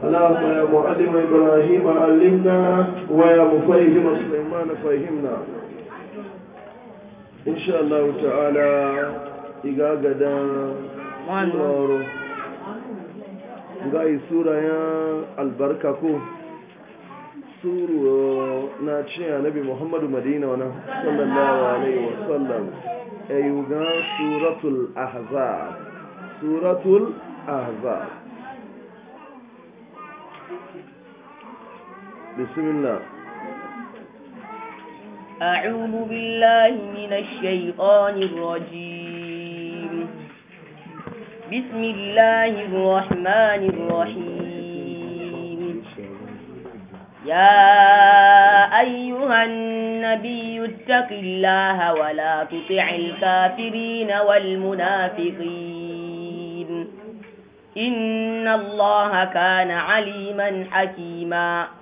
اللهم يا معلم إبراهيم علمنا ويا مفهم سليمان فهمنا إن شاء الله تعالى إذا غدا نور غاي سورة يا البركة كو سورة ناتشي نبي محمد مدينة صلى الله عليه وسلم أيوغا سورة الأحزاب سورة الأحزاب بسم الله أعوذ بالله من الشيطان الرجيم بسم الله الرحمن الرحيم يا أيها النبي اتق الله ولا تطع الكافرين والمنافقين إن الله كان عليما حكيما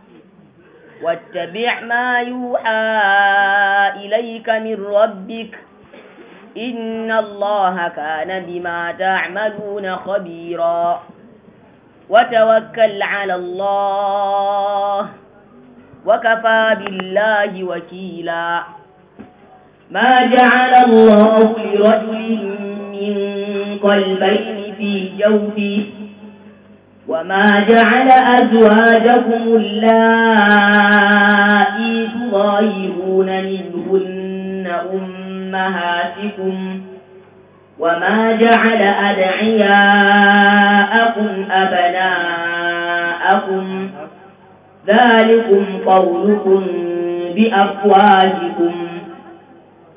واتبع ما يوحى إليك من ربك إن الله كان بما تعملون خبيرا وتوكل على الله وكفى بالله وكيلا ما جعل الله لرجل من قلبين في جوفه وما جعل أزواجكم اللائي تظاهرون منهن أمهاتكم وما جعل أدعياءكم أبناءكم ذلكم قولكم بأفواهكم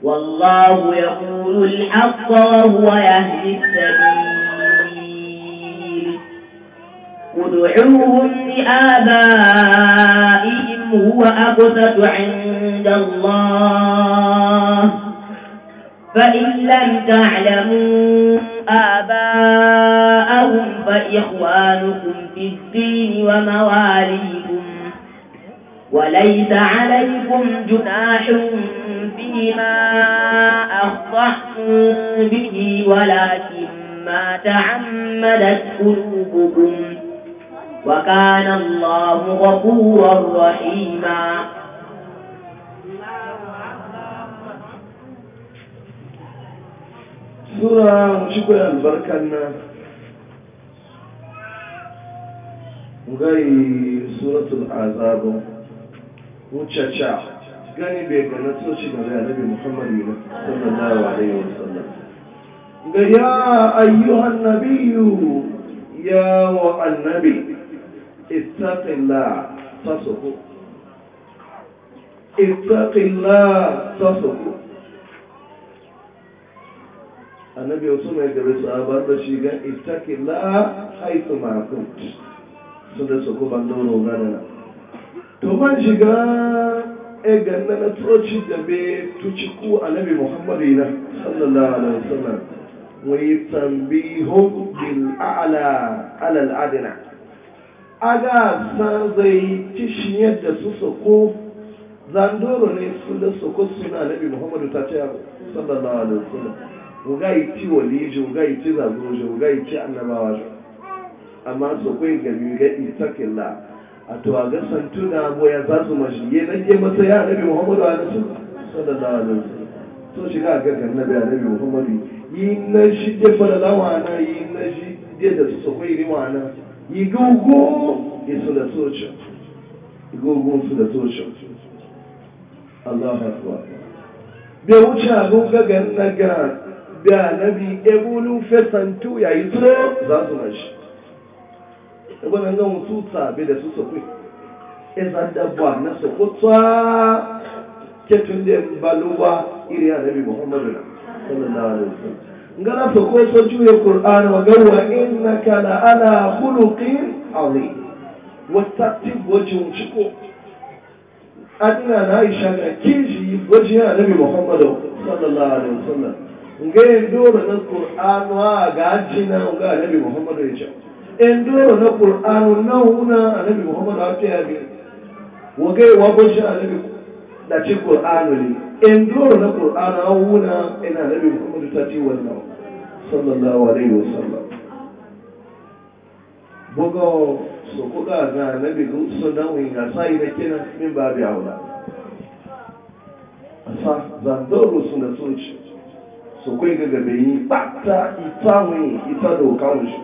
والله يقول الحق وهو يهدي السبيل ادعوهم لآبائهم هو أقسط عند الله فإن لم تعلموا آباءهم فإخوانكم في الدين ومواليكم وليس عليكم جناح فيما أخطأتم به ولكن ما تعمدت قلوبكم وكان الله غفورا رحيما سورة شكرا البركة غير سورة العذاب وتشاشا gani bai ga na soci ga annabi Muhammad ne sallallahu alaihi wasallam ga ya ayyuhan nabiyyu ya wa annabi ittaqillah tasuku ittaqillah tasuku annabi wasu mai gari sahabar da shi gan ittaqillah haitu ma kunt sun da su kuma nono ganana to man shiga e eh, ganna na toci da be tuci ku annabi muhammadu ina sallallahu alaihi wasallam yi a'la ala adana. aga san zai tishin da su soko zandoro ne su da soko suna nabi muhammadu ta ce sallallahu alaihi wasallam uga iti waliji uga iti zazoji yi iti annabawa amma soko yi gabi ga itakilla a to a ga santuna boya za su mashi ya nake masa ya nabi muhammadu alaihi sallallahu alaihi wasallam to shiga ga ga nabi nabi muhammadu yi na shi je fara na, yi na shi je da su soko yi na. يقوقو يسو لسوشا يقوقو يسو لسوشا الله أكبر بيوشا غوغا غنغا بيا نبي إبولو فسنتو يا يسو ذاتو نشي يقول أنه مسوطة بيدا سوسوكوي إذا دبوا نفسه خطوة كتن دي مبالوة إلي النبي محمد صلى الله عليه وسلم ngana so ko so juye qur'an wa gawa innaka la ala khuluqin azim watatib wajhum chuko adina na aisha ga kiji wajhi annabi muhammadu sallallahu alaihi wasallam ngai ndoro na qur'an wa ga jina ga annabi muhammadu ya ce ndoro na qur'an na una annabi muhammadu ya ce wa gai wa bashi annabi da ci Qur'anu ne in dole na Qur'anu an wuna ina nabi Muhammadu ta ci wannan sallallahu alaihi wasallam bugo su kuga na nabi su dawin ga sai na kina min babu aula asa zandoro su na tsoci su kai ga gabe yi bata ita mun ita dokan shi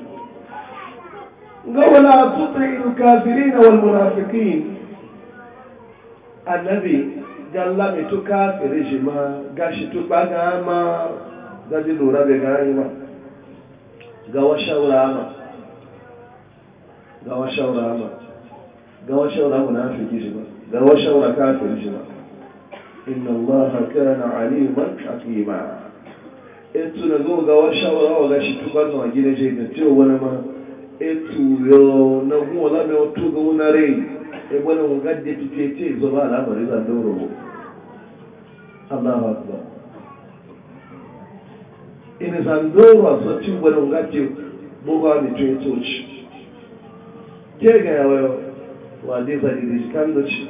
ga wala tuti al-kafirin wal munafiqin annabi Ga mai to kafiri shi ma gashi to ɓaga ma zaji lura bai gani ma ga shawara ama. ga washaura ma ga washaura munafiki shi ma ga shawara kafiri shi ma inna allaha kana aliman hakima etu na zo ga washaura wa gashi to ɓaga ma gine shi ga cewa wani ma etu yau na kuma zama otu ga wani rai e wani wungar da tuke ce zo ba al'amari zan dauro mu Allah ba ba in zan dauro a socin wani wungar da buga to tuye toci ke ga yawayo wale zari da shi kan doci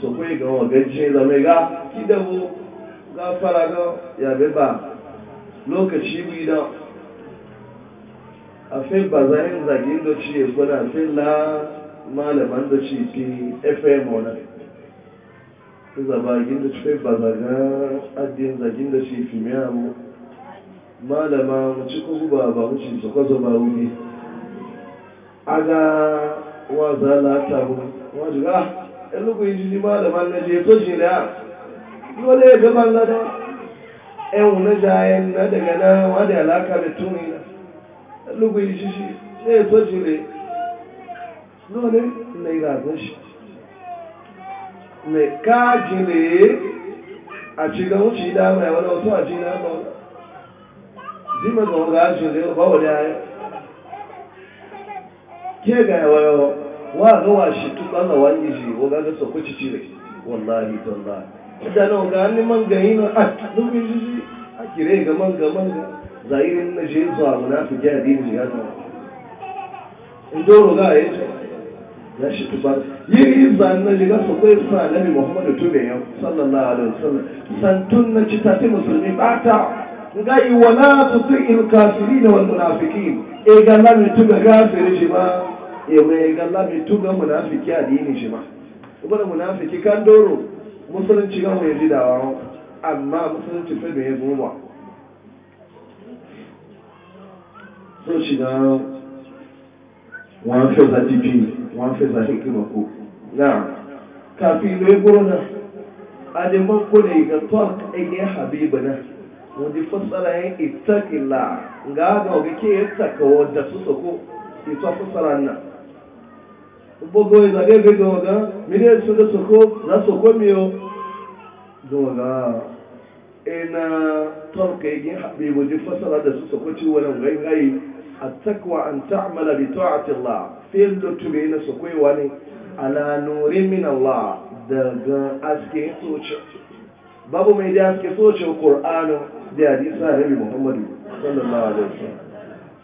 so kai ga wagance zama ga kidabu ga fara ya yabe ba lokaci bi da a fi bazarin zagin doci ya gwada fi la malaman da ci ti fm wani ta zabagin da cikin bazaga adin zagin da ci fi miya mu malama mu ci kuku ba ba mu ci su kwazo ba wuni aga wa za la ta mu wa ji ga ɗan eh, lugu yi jini malaman na je to shi da dole eh, ya gaba na da ɗan na jayen na daga na wa da alaka da tuni na eh, lugu yi jini ne to shi ne lóòrè ilẹ̀ ìràgbọ́ṣì lè káàkì lè àṣìgbọ́n ó ṣì dáhùn ẹ̀wọ́n ọ̀tún àti iná bọ́ dímọ̀tàn ọ̀gá aṣọ lè ọ̀bá wọ̀dá ẹ̀ kí ẹ̀gà ẹ̀wọ̀n ẹ̀wọ̀ wọ́n àgọ́ wà ṣì tún bá wà ní ìṣì ọ̀gá gẹ́sọ̀ kó títí rẹ̀ wọ́n náà yìí tọ́ náà ìdáná ọ̀gá ní mọ́ngà yìí náà lóbi ṣíṣí àkìrẹ́ ìgbà mọ́ngà mọ́ngà zàyírí ní ṣe é sọ àwọn àfijẹ́ àdínì ìyá náà ìdóró gáà yẹn sọ ya shi tuba yi zan na jiga su kai sa nabi muhammadu tube yau sallallahu alaihi wasallam santun na ci tafi musulmi bata ga yi wala su su il kafiri da wal munafiki e ga la mi tuga gafiri shi ma e mai ga la mi tuga munafiki addini shi ma ubana munafiki kan doro musulunci ga mu yaji dawa amma musulunci fa bai goma so shi na wọn fẹ́ sati wanafedha hikima kuu naa kafin lo gurna ademan kuna ga talk yin ga ke yattaka wadda su soko ita fassara nan gbogbo ìzàgé gbogbo ọ̀gá mílíọ̀ ìṣúlẹ̀ sọ́kó lásòkó mi sọ́kó attaqwa an ta'mala bi ta'ati Allah fil do to na sokoi wani ala nurin min Allah daga aske soce babu mai da aske soce Qur'ano da hadisi Annabi Muhammad sallallahu alaihi wasallam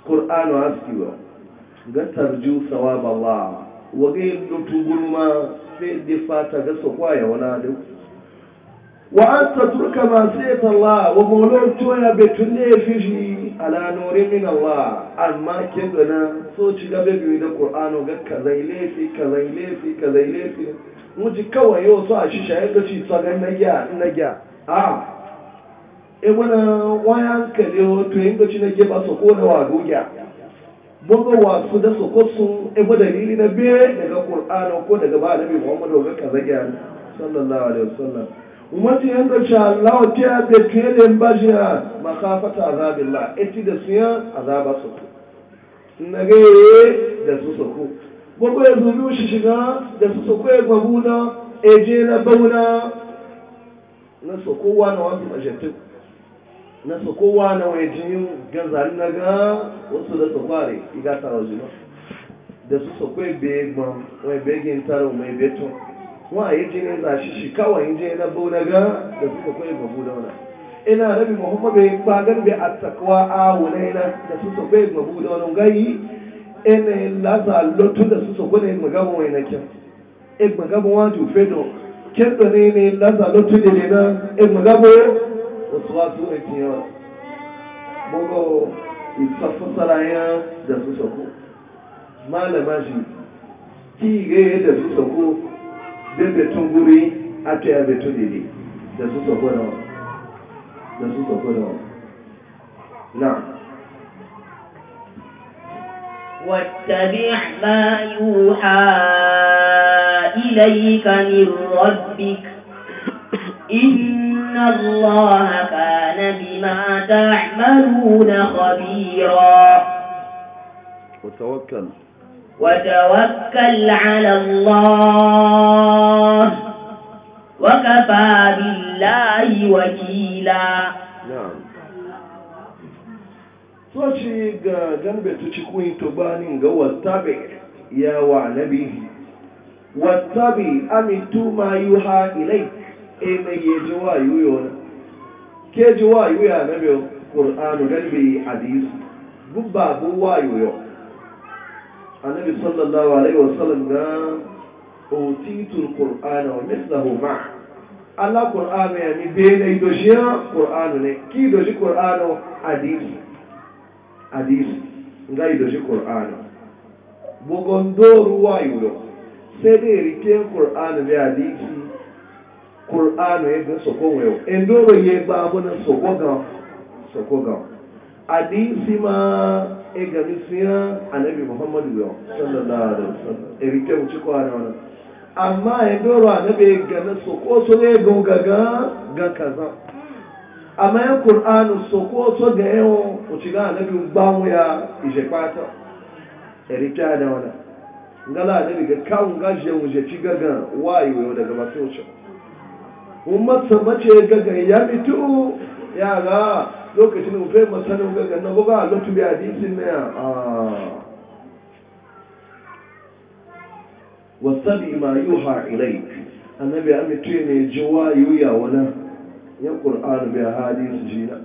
Qur'ano aske wa ga tarju sawab Allah wa ga yadda tugulma sai da fata ga sokwa ya wana da wa an ta turka ma sai ta Allah wa mulon tuwa ya betunne fiji ala nuri min Allah amma ke gana so ci gabe biyu da Qur'ano ga kazai lefi kazai lefi kazai lefi muji kawai yau so a shisha yadda ci so ga nagya nagiya a e wana waya kale ho to yadda ci nagya ba so ko da wa gogiya boga wasu da so ko su e ba dalili na be daga Qur'ano ko daga ba bi Muhammadu ga kazai sallallahu alaihi wasallam wata yanka ce Allah wa tiya da fiye da shi a makafata la eti da a zaɓa su ku na gaye da su su ku gbogbo ya zuru shi shiga da su su ku ya gbabu na eje na bauna na su kowa na wasu majaltu na su kowa na wajin gazari na ga wasu da su kware iga tara ma. da su su ku ya begin taro mai beton a yi jini za shi shi kawai je na bu na ga da suka kwaye ba bu dauna ina rabi muhammadu ya ba bi a takwa a wune na da su sokwe ba bu wani gayi ina lasa lotu da su sokwe na yi gaban wani na kyan igba e gaban wani jufe fedo kyan da ne ne lasa lotu da ne na igba e da wasu wasu ne yawa mugo isafassara ya da su sokwe malama shi ki ga da su sokwe bin betun guri a tuya betu didi da su sako da da su na واتبع ما يوحى إليك من ربك إن الله كان بما تعملون خبيرا وتوكل وتوكل على الله وكفى بالله وكيلا نعم soci ga gambatu cikin tubanin ga wattabi ya wa nabi wattabi amitu ma yuha ilai e mai ye jiwa yuyo ke jiwa yuya nabi bu annabi sallallahu alaihi wasallam ga utitul qur'ana wa mithluhu ma ala qur'ana ya mi be ne do shi qur'ana ne ki do shi qur'ana hadisi hadisi ngai do shi qur'ana bogondo ruwa yuro sai dai rike qur'ana be hadisi qur'ana ya ga soko wayo endoro ye ba abuna soko ga soko ga hadisi ma e gami suya annabi muhammadu yau sallallahu alaihi wasallam e rike mu amma e doro annabi gami so so gongaga ga amma so pata ngala ga kan gaje mu gaga wayo yau daga gaga ya mitu ya ga lokacin mu fai masanin gaga na buga a lotu biya hadisin ne a ah. wasabi ma yuha ilai annabi an ne ji wayo ya wani ya qur'an biya hadisu shi na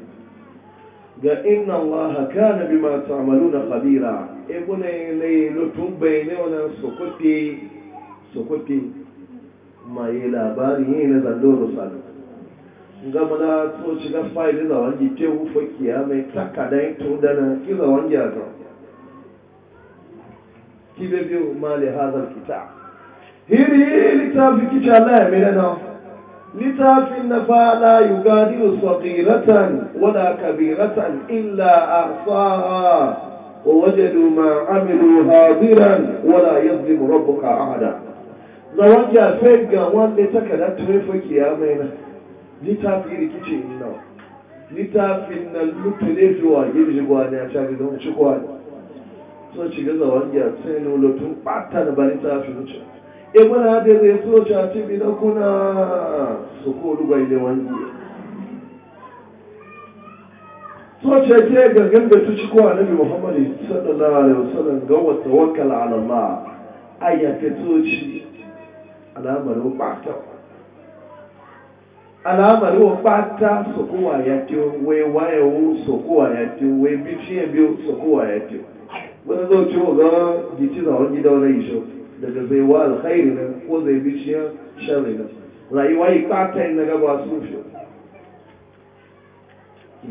ga inna allah kana bima ta'maluna khabira e kuna ne lotun bayne wannan sokote sokote ma labari ne na zalloro sanin gama na toci ga faili za wangi te wufa mai takadai to dana iza wangi a Ki kibe biyu ma le hazar kita hiri littafi kici Allah ya mene na littafin na fala yugadiru sagiratan wala kabiratan illa arsaha wa wajadu ma amilu hadiran wala yazlimu rabbuka ahada za wangi a ga wanda takadai to wufa kiyamai na littafi rikicin nan littafin na lutule zuwa girji na a cari don ci gwani so ci gaza wani a tsaye na lutun ba littafi wuce e mana da zai so ci a cibi na kuna su ko lugwai ne wani so ke gangan da su ci na nabi muhammadu sallallahu alaihi wasallam ga wata tawakkal ala ma ayyafe so ci al'amarin alamari wa fata wa ya tiyo wai wayewu sokowa ya tiyo wai bishiyan biyu sokowa ya tiyo wani zo ci wa ga gici zawon gida wani isho daga zai wa alkhairi na ko zai bishiyan sharri na rayuwa yi fata yin na gaba su fi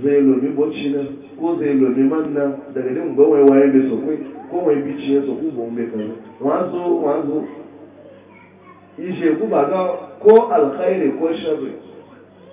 zai lomi bocci na ko zai lomi man na daga din ga wai bi so kwe, ko wai bishiyan sokoi ba mai kazo wanzu wanzu ishe ku ba ga ko alkhairi ko sharri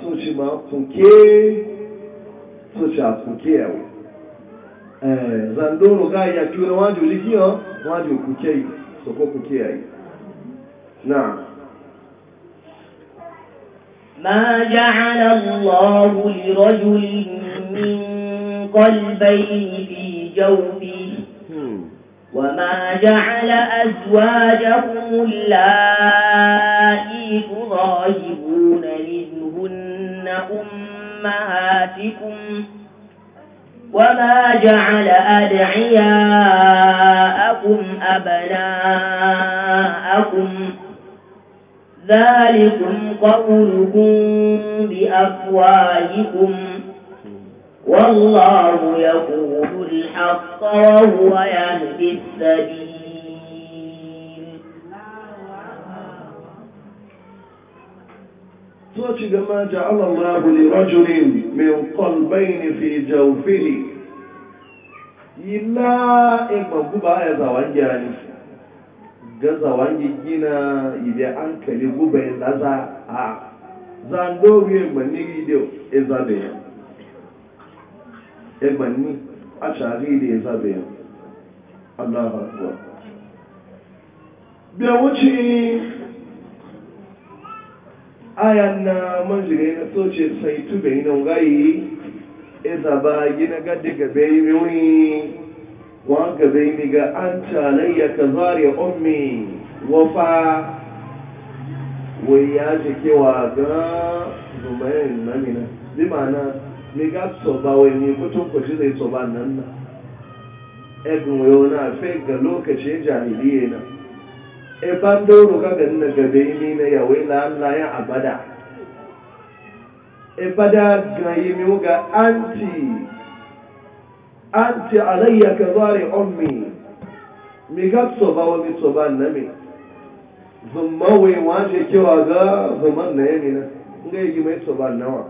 tsoci ma kunke tsoci a ga iya kiwo na wajen jiki yau wajen kunke جعل الله لرجل من قلبين في جوفه وما جعل أزواجكم اللائي تظاهرون أمهاتكم وما جعل أدعياءكم أبناءكم ذلكم قولكم بأفواهكم والله يقول الحق وهو يهدي السبيل توتي كما جعل الله لرجل من قلبين في جوفه illa in babu zawangi ne ga zawangi gina idan an kali guba ya zaza a zandori egbanni gidiyo ya zabe ya egbanni a shari da ya zabe ya allah ba kuwa biya wuce aya na manjire na soce sai tube ina ngai eza ba gina gadde gabe miwi wa gabe mi ga an talayya kazari ummi wafa wai ya ce kewa ga zumayen namina bi ma'ana mi ga tsoba wai mi kutun kwaci zai tsoba nan na egun wayo na fe ga lokacin jahiliya na e bandoro kaga na gabe ni e na yawe la Allah ya abada e bada ga yimi e muga anti anti alayya ka zari ummi mi ga so wa mi ba na mi zumma we waje kewa ga zuman na yemi na nga e yi mai so ba nawa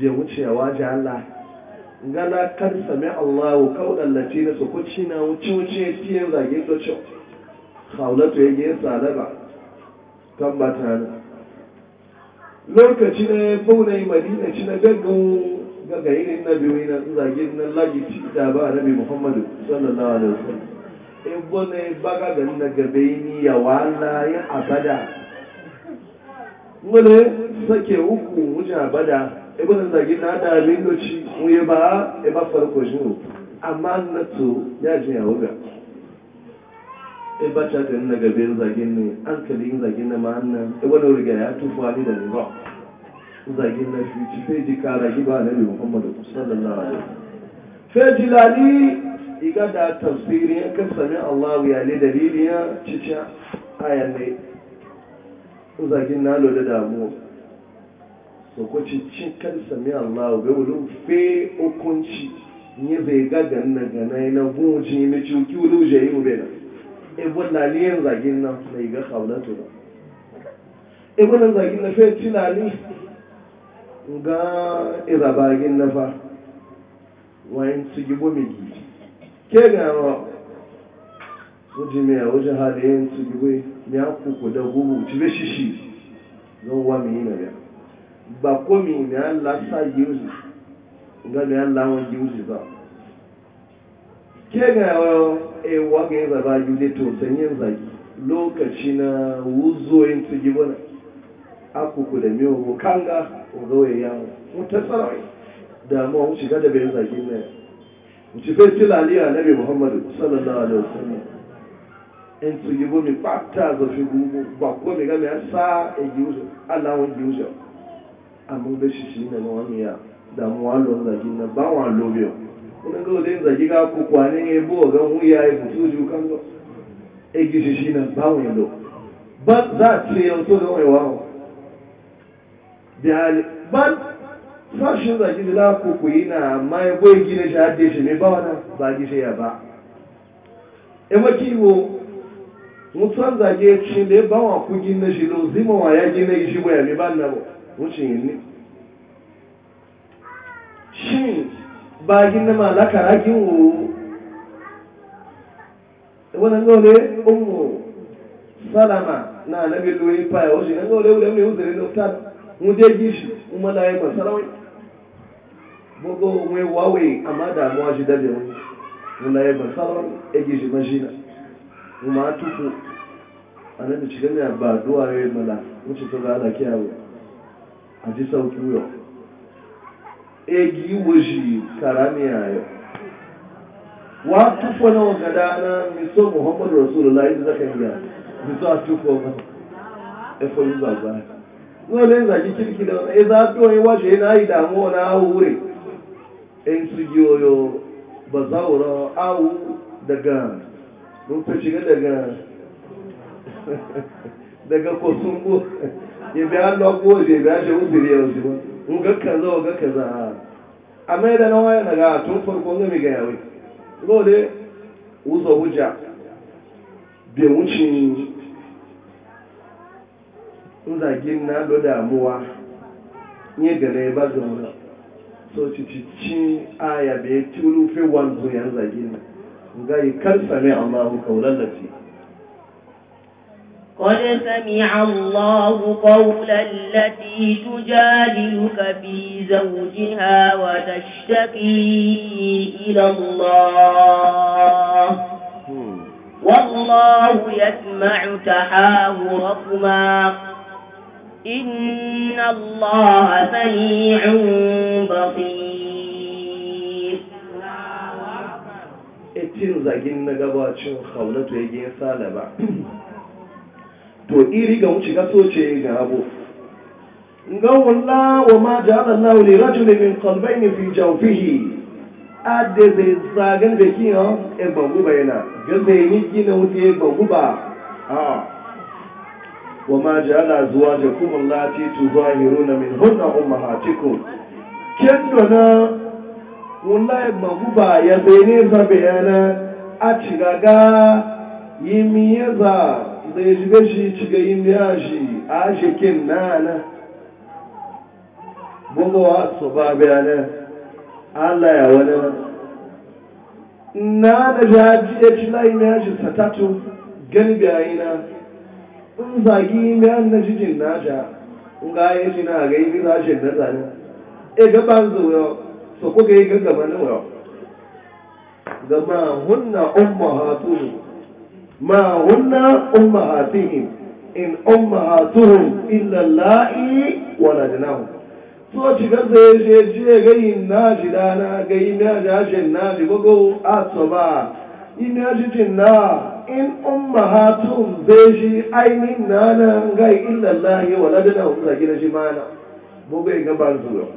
bi wuce ji, Allah gana kan sami Allah kaudan lati na so kuci na wuce wuce tiyan zage to to ya tsada ba, kan bata na lokaci na baunai madina ci na gaggawo gagayi irin na biyu na zagin na lagici da ba nabi muhammadu sallallahu alaihi wasallam ebo eh, na baga ga na gabe ni ya wala ya abada wani sake uku wuce abada ebo eh, na zagin na da bi doci mu ya ba ya eh, ba farko shi amma na to ya ji ya wuga e bata ka nuna gaben zagin ne yin zagin na ma'annan e wani riga ya tufa ni da nira zagin na fi ci fai ji kara ki ba nabi muhammadu sallallahu alaihi fai ji lali iga da tafsirin ya sami allah ya ne dalilin ya cica ayan ne zagin na lo da damuwa so ko ci kan sami allah bai wani fai hukunci ni zai ga ganna ganai na buji mai cikin wulun yi mu bai na ebon na liyan zagin nan ba na zagin na fe tunani ga irabagin na fa wayan su gibo mai gi ke gawa wuji mai a wuji halayen su gibo da gugu ci be shishi wa mai na biya ba komi mai an lasa yi ga mai an lawan yi ba ke gawa e waga ya zaba yule to sanyin zagi lokaci na wuzoyin su gibana akuku da miyo ko kanga ko gawaye ya mutu sarai da mu mu shiga da bayan zagi ne mu ci fa tilali annabi Muhammad sallallahu alaihi wasallam en su gibo mi patta zo fi gugu ba ko mi ga mi asa e giuso Allah won giuso amma da shi shi ne mu amiya da mu wa lo na ba wa lo wani dole zagi ga ku kwane bo ga mu ya yi mutu ju kan go e gishi shi nan ba mu yalo ba za ci yau so da wai wawo da ba sashin shi da ku ku yi na ma ya boye gina shi hadde shi me ba wani ba gishi ya ba e makiwo mutuwan zage shi da ya bawa ku gina shi lo zima wa ya gina shi ba ya me ba na ba wucin ne shin ba na malaka rakin wo wannan gole ummu salama na nabi loyi pa ya e, oji nan gole wule wule uzuri no tan mu de gishi umma la ya e masarawai bogo mu e wawe amma da mu aji da biyo mu na ya masarawai e gishi majina cikin ya ba duwa ya mala mu ci to ga Allah a ji sauki yau egi wuji karami ya. wa tufo na wagada na miso muhammadu rasulullah idan zaka yi miso a tufo ma efo yi gbagba wọ́n lè zàjí kìrìkì lọ ẹzá tó ẹwà ṣe náà ìdààmú ọ̀nà ahúrè ẹn sì yí oyo bàzáwòrán áwú daga ló pè daga daga kò súnmọ́ ìbí alọ́gbó ìbí aṣẹ́wó bèrè ọ̀sìn ga kaza ga kaza amma idan na waya daga tun farko ga mi ga yawe gode uzo hujja bai wuce nzagin na do damuwa nye gane ba zauna so cicicin aya bai tulu rufe wanzu yan zagin ga yi kan sami allahu kaular da قد سمع الله قول التي تجادلك في زوجها وتشتكي إلى الله والله يسمع تحاوركما إن الله سميع بصير اتنو زاگین نگا با چون خولتو یگین سالبا to iri ga wuce ga soce ga abu ga wala wa ma ja'ala Allah li rajulin min qalbayni fi jawfihi adde zai zagan da ki ha e bangu bayana ga zai ni gina wuce e bangu ba a wa ma ja'ala zuwajakum allati na min hunna ummahatikum kendo na wala e bangu ba ya zai ne zabe yana a cigaga yimi ya zaa. sai ji gashi ci ga yin ya shi a shekin nana bugawa su ba bayanan allah ya wani na da jaji ya ci layi na yashi satatu gani bayina in zagi mayan na jijin naja in ga ya shi na ga yi rashin na zane e gaban zuwa so kuka yi gaggaba na wuyo gama hunna umma hatu ما هن أمهاتهم إن أمهاتهم إلا اللائي ولدناهم so ci gaza ya je gayin naji dana gayin naji ashin naji gogo asaba in naji na in ummahatum zai shi ainihin nana gai illallahi wa ladana hukumar gina shi mana bugai gaban zuwa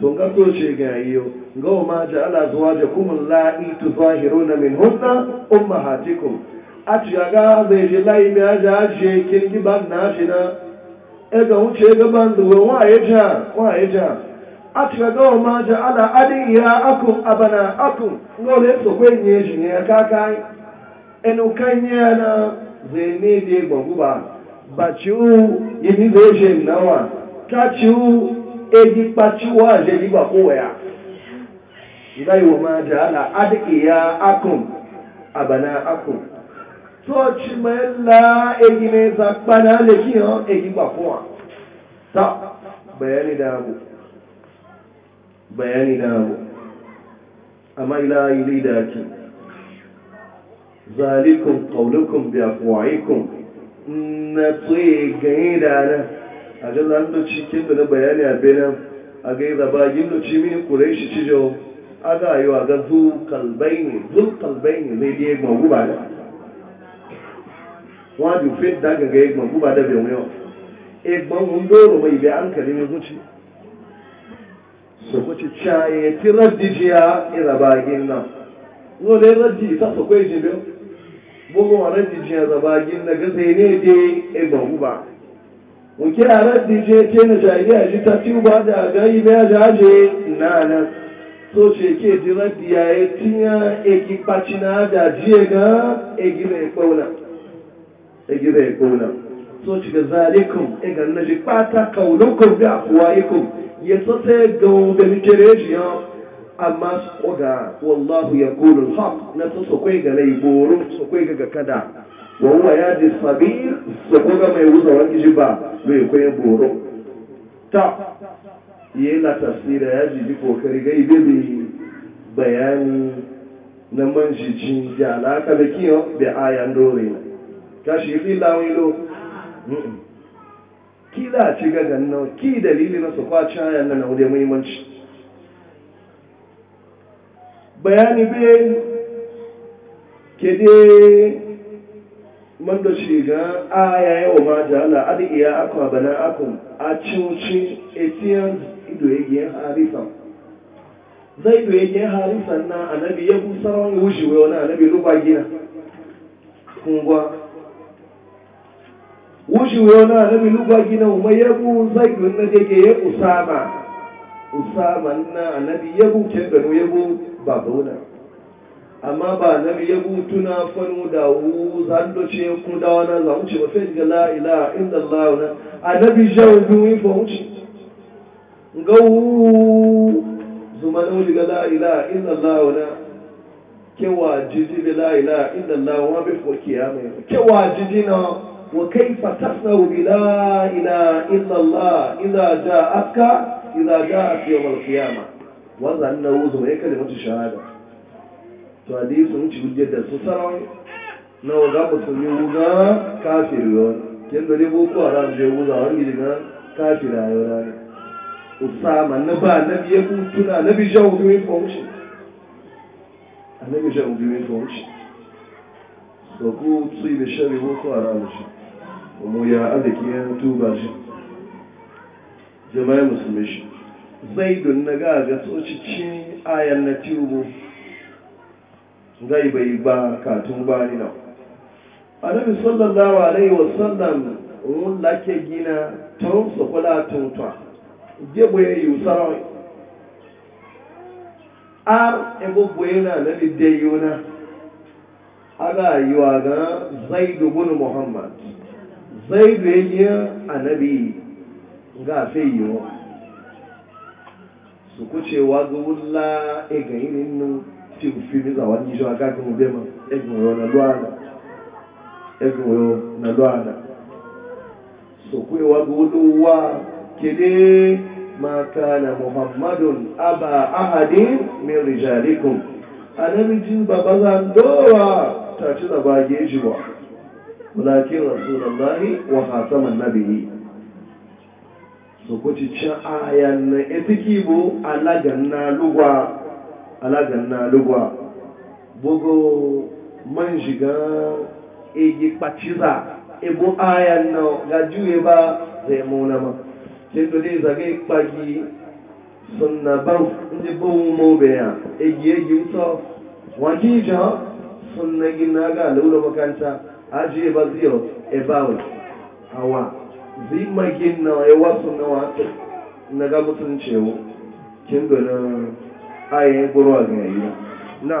to ga to ce ga yiyo ga ma ja'ala zuwa jakumul la'i na min hunna ummahatikum a ga zai ime layi mai aja ajiye kirgi ban na shi na e Uche wuce ga ban duwe wa ya e ja wa e ya ja a ciga ga wa ala adin ya akụ abana akun lole so kwe nye shi ne ya kaka enu kan ya na zai ne da gbangu ba ba ci u yi ni zai je nawa ta ci u e di ya ilayi wa ma ja ala adin ya akụ abana akụ. tọ́ọ̀tì mẹ́la èyí ní ìsàpadà lè kí hàn èyí gbà fún wa tá bẹ̀yẹ́ ní dáàbò bẹ̀yẹ́ ní dáàbò àmá ilá ilé ìdáàkì zalikun kọ̀ọ̀lùkùn bí àfọ̀wáyíkùn na tsoye ganye da nan a ga kin da na bayani a benin a ga yi zaba yin doci mini kurai shi aga ga zu kalbai ne zu kalbai zai biye wọ́n á dùn fẹ́ dá gẹ̀gẹ́ ẹgbọ̀n kú bá dẹ̀bẹ̀ yọ ẹgbọ̀n ń lóòrò mọ́ ibẹ̀ áńkàlì ní gúnci sọ̀kọ́ ti tí a yẹ tí rẹ́dì ṣe ya ìràbà agin náà wọ́n lè rẹ́dì ìsàsọ̀kọ́ èjì bẹ́ẹ̀ gbogbo wọn rẹ́dì ṣe ìràbà agin náà gẹ́sẹ̀ ní èdè ẹgbọ̀n kú wọn kí a rẹ́dì ṣe tí ẹnì ṣàìdí àjí a tí ó bá dà àjá yìí bẹ́ẹ̀ àjá ṣe náà náà tó ṣe kí èdè rẹ́dì a ẹ tí ẹgbì pàṣínà wọn náà ya gida ya kona so ci e ga zalikun ya ganna ji ɓata kaunukun da akuwayikun ya sassa ya gawo da mikirejiyan amma su ƙoga wallahu ya kunu haq na su su kwai ga laiboro su kwai ga kada wa ya ji sabir su ƙoga mai wuza wani ji ba mai kwai boro ta yi na tafsira ya ji ji kokari ga ibe mai bayani na man jijin da alaƙa da kiyon da ayan dore ta shi fi lawon lo ki za a ci gagan nan ki dalili na su kwaci hayan nan na wuce muhimmanci bayani be kede man da shi ga aya yawa ma jala adiya akwa bana akum a cinci etiyan ido yake harifan zai do yake harifan na anabi ya busar wani wushi wani anabi lugwa gina kungwa wuce wani annabi lugwa gina umar yabu zaidun na dege ya usama usama na annabi yabu ke gano yabu ba bauna amma ba annabi yabu tuna fanu da wu zando ce ku da wani za wuce ba fai ga la ilaha inda allah na annabi jawo biyu fa wuce ga wu zuma na wuce ga la ilaha inda allah na kewa jiji da la ilaha inda allah wa bai fokiya mai kewa jiji na وكيف تصنع بلا إله إلا الله إذا جاءتك إذا جاءت يوم القيامة وضع النوز وهي كلمة الشهادة فحديث نمشي بجد سسرع نو غاب سميوغا كافر يون كن دلي بوكو حرام جيوغا هنجيغا كافر يوناني Usama na ba na biye kutuna na bi jawo biyu fahimci. A na bi jawo biyu fahimci. Soku tsu ibe shari boko a ranar shi. mu ya arziki ya tuba shi jama'i musulmi shi zaidun na ga ga tsocici ayan na tubu Zai bai ba katun ba ni na annabi sallallahu alaihi wasallam mun lake gina tun sakwala kula tun ta gebo ya yi usarawai ar ebo yana na bidde yuna aga yiwa ga zaidu bin muhammad sai da yayin annabi ga sai yiwo su kuce wa ga wulla e ga yinin nan ti fi mi wani jiwa ga kuma bema e na luana e ga na luana e su kuce wa ga wulla kede ma muhammadun aba ahadi min rijalikum annabi jin baba dora ta ci da bage shi ba walakin rasulullahi wa khataman nabiyyi so ko cin ci ayan na etiki bo alagan na lugwa alagan na lugwa bogo man shiga egi pachiza ebo ayan na gajuye ba zai mona ma sai to dai zage kpagi suna ba ndi bo mo be ya egi egi uto wajija sunna gi na ga lura makanta ajiye ba zero e bawe hawa zimagin na ya wasu na wata na ga mutuncewo kin dole ayin gurwa ga yi na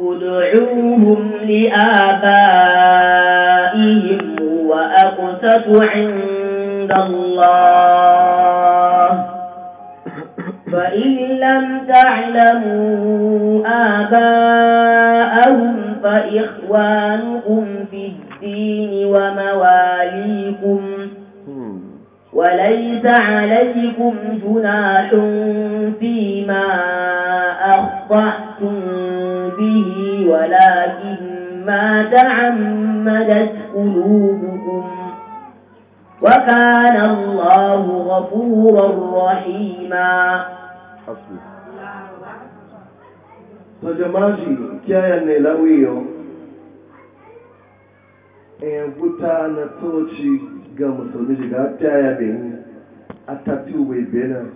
ادعوهم لآبائهم وأقسط عند الله فإن لم تعلموا آباءهم فإخوانكم في الدين ومواليكم وليس عليكم جناح فيما أخطأتم به ولكن ما تعمدت قلوبكم وكان الله غفورا رحيما to jamaji kiyayen ne lawiyo in buta na toci ga musulmi shiga taya benin a tafi wai benin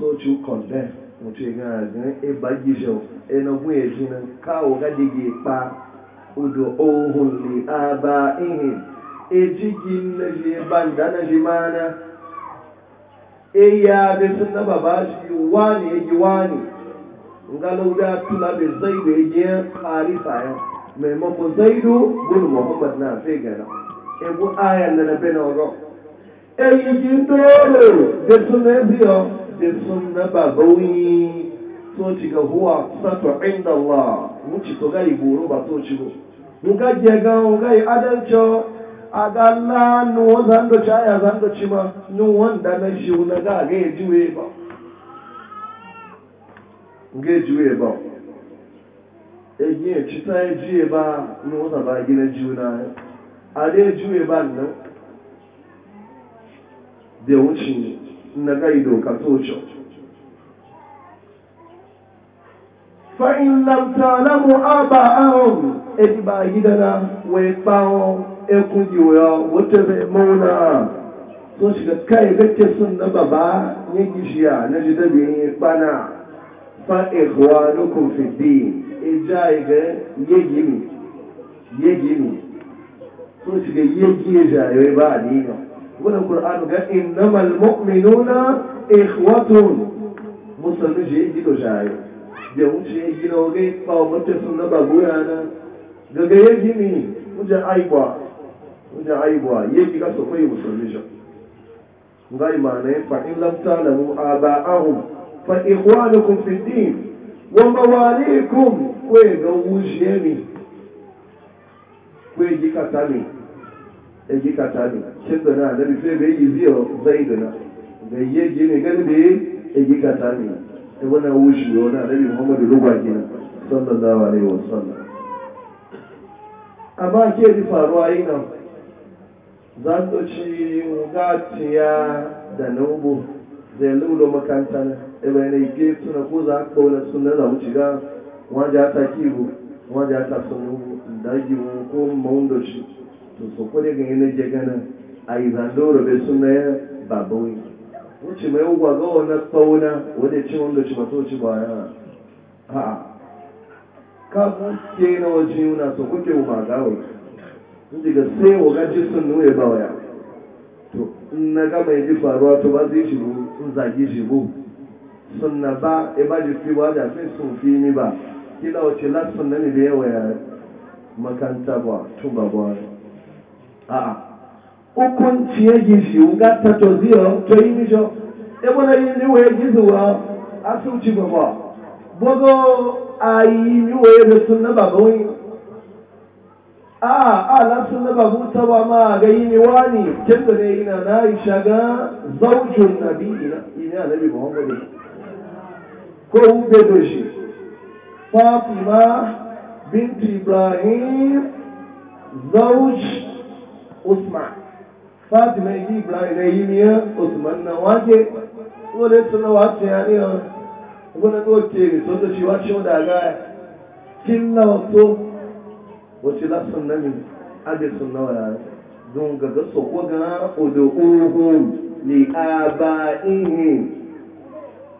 toci condemn mutu ga gan e bagijo e na gun e jina kawo ga digi pa udo ohun li aba ihin e jigin na je banda na jimana e ya da sun na babaji wani e ji wani nga na wuda tuna da zaidu ya je harisa yau maimako zaidu gudu muhammad na sai gana ebu aya na na bena ro eyi ji dole da suna biyo da suna ga huwa sato inda allah muci to ga ba so ci go nga je ga nga yi aga la nu zando cha ya ma na ga aga yi ba nge juye ba egiye cita ya juye ba ni wata ba gina juna a dai juye ba nan da wuce na e gaido ka tocho fa'in lamta lamu aba ahun ebi ba gidana wai bawon ekun yiwuwa wata bai mauna so shiga kai gake sun na baba ya gishiya na jidabe ya kpana fa ikhwanukum fi din ija ga yegi mi yegi mi sun shiga yegi ya jaye ba adina wannan qur'an ga innamal mu'minuna ikhwatun musulmi je yegi do jaye da wuce yegi na wage ba mutum sun na ba goya na yegi mi wuce aibwa wuce aibwa فإخوانكم في الدين ومواليكم ويجوزيني ويجي كتاني يجي كتاني شدنا نبي في بيجيزيو زيدنا بيجي نغنبي يجي كتاني وانا وجي وانا نبي محمد لغاكينا صلى الله عليه وسلم amma ke ji faruwa yi nan za su ci gatiya da nubu zai lulo makanta ebe yana ike suna ko za ka kawo suna za mu shiga wajen ata kibu wajen ata sunu daji mu ko mawundo shi to so ko daga yana je gana a yi zandoro bai suna ya babawai wuce mai ugwa ga wani kauna wadda ci wanda ci maso ci ba ya ha ka ke na wajen yuna so kuke ma gawai daga sai wa gaji sun nuna ba waya to in na gama yi faruwa to ba zai shigo in zage shigo sunna ba e ba ji fi wada fi sun fi ni ba kila wace la sunna ni da yawa ya makanta ba tun ba ba a a hukunci ya gishi wuga ta to ziyo to yi mijo e bona yi ni wa gizuwa a sun ci ba ba bogo a yi ni wa da sunna ba ba wani a a la sunna ba buta ba ma ga yi ni wani kin da ne ina na isha ga zaujun nabi ina ina nabi muhammadu ko wube da shi fatima binti ibrahim zauj usman fatima yi ibrahim yi miya usman na wake wale suna wace ya ne wani doke ne sun da shi wace wanda ga kin na wato wace lasan na min abin sun na wani don gaga sokwa ga odo uhun li aba'ihim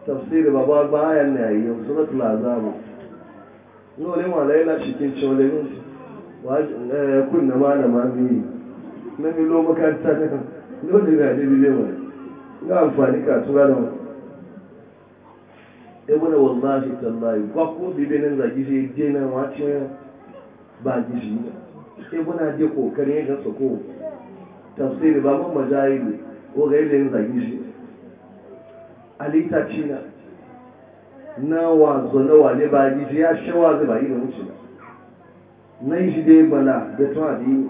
tafsiri ba bayan eh, na yi yau suna tulazamu nole ma na yana cikin colin kunna ma na ma biyi na milo makarta na nole na ne bibe mai ga amfani ka tura da wani ebe na wallahi tallahi ba ko bibe nan zagi sai je na wace ba gishi ebe na je kokarin ya gasa ko tafsiri ba man majayi ko ga yadda yin zagi shi alita china na wazo na wale ba ya shawa zai ba yi da wuce na yi da dai da tun adini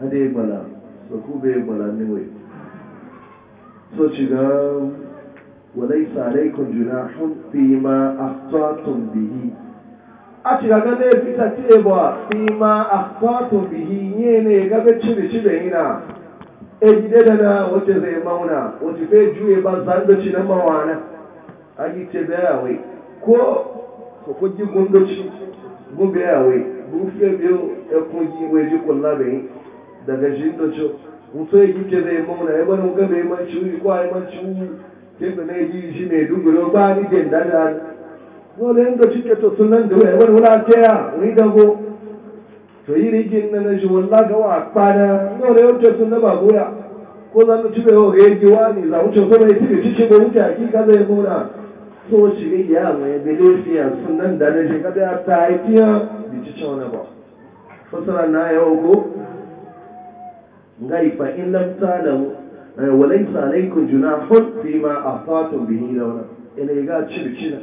a dai so ku bai gbala ne wai so A وليس عليكم جناح فيما أخطأتم به أتي غدا ma تيبوا فيما أخطأتم به يني غبت ejide da na wace zai mauna wace fai juye ba ndochi na mawana a yi ce da yawai ko sokoki gundoci gumbe yawai bufe biyu ya wai ji e kulla bai daga ya zai mauna ya e bani bai manci wuri ko a yi e manci wuri kebe na yi shi ne dubiro ba ni dada cike to sunan da wani ce ya wani dago to yi rigin na na jimon lagawa a kpana yau da yau sun na babuya ko za mu tube wa ga yake wani za mu ce ko mai tube cikin da wuce hakika zai nuna so shi ga ya mai belesiya sun nan da na shekada ya ta haifiya da cikin wani ba fasara na yau ko ngai fa in lam ta'lamu eh, wa laysa alaykum junahun fima afatum bihi lawla ina ga cibi cinan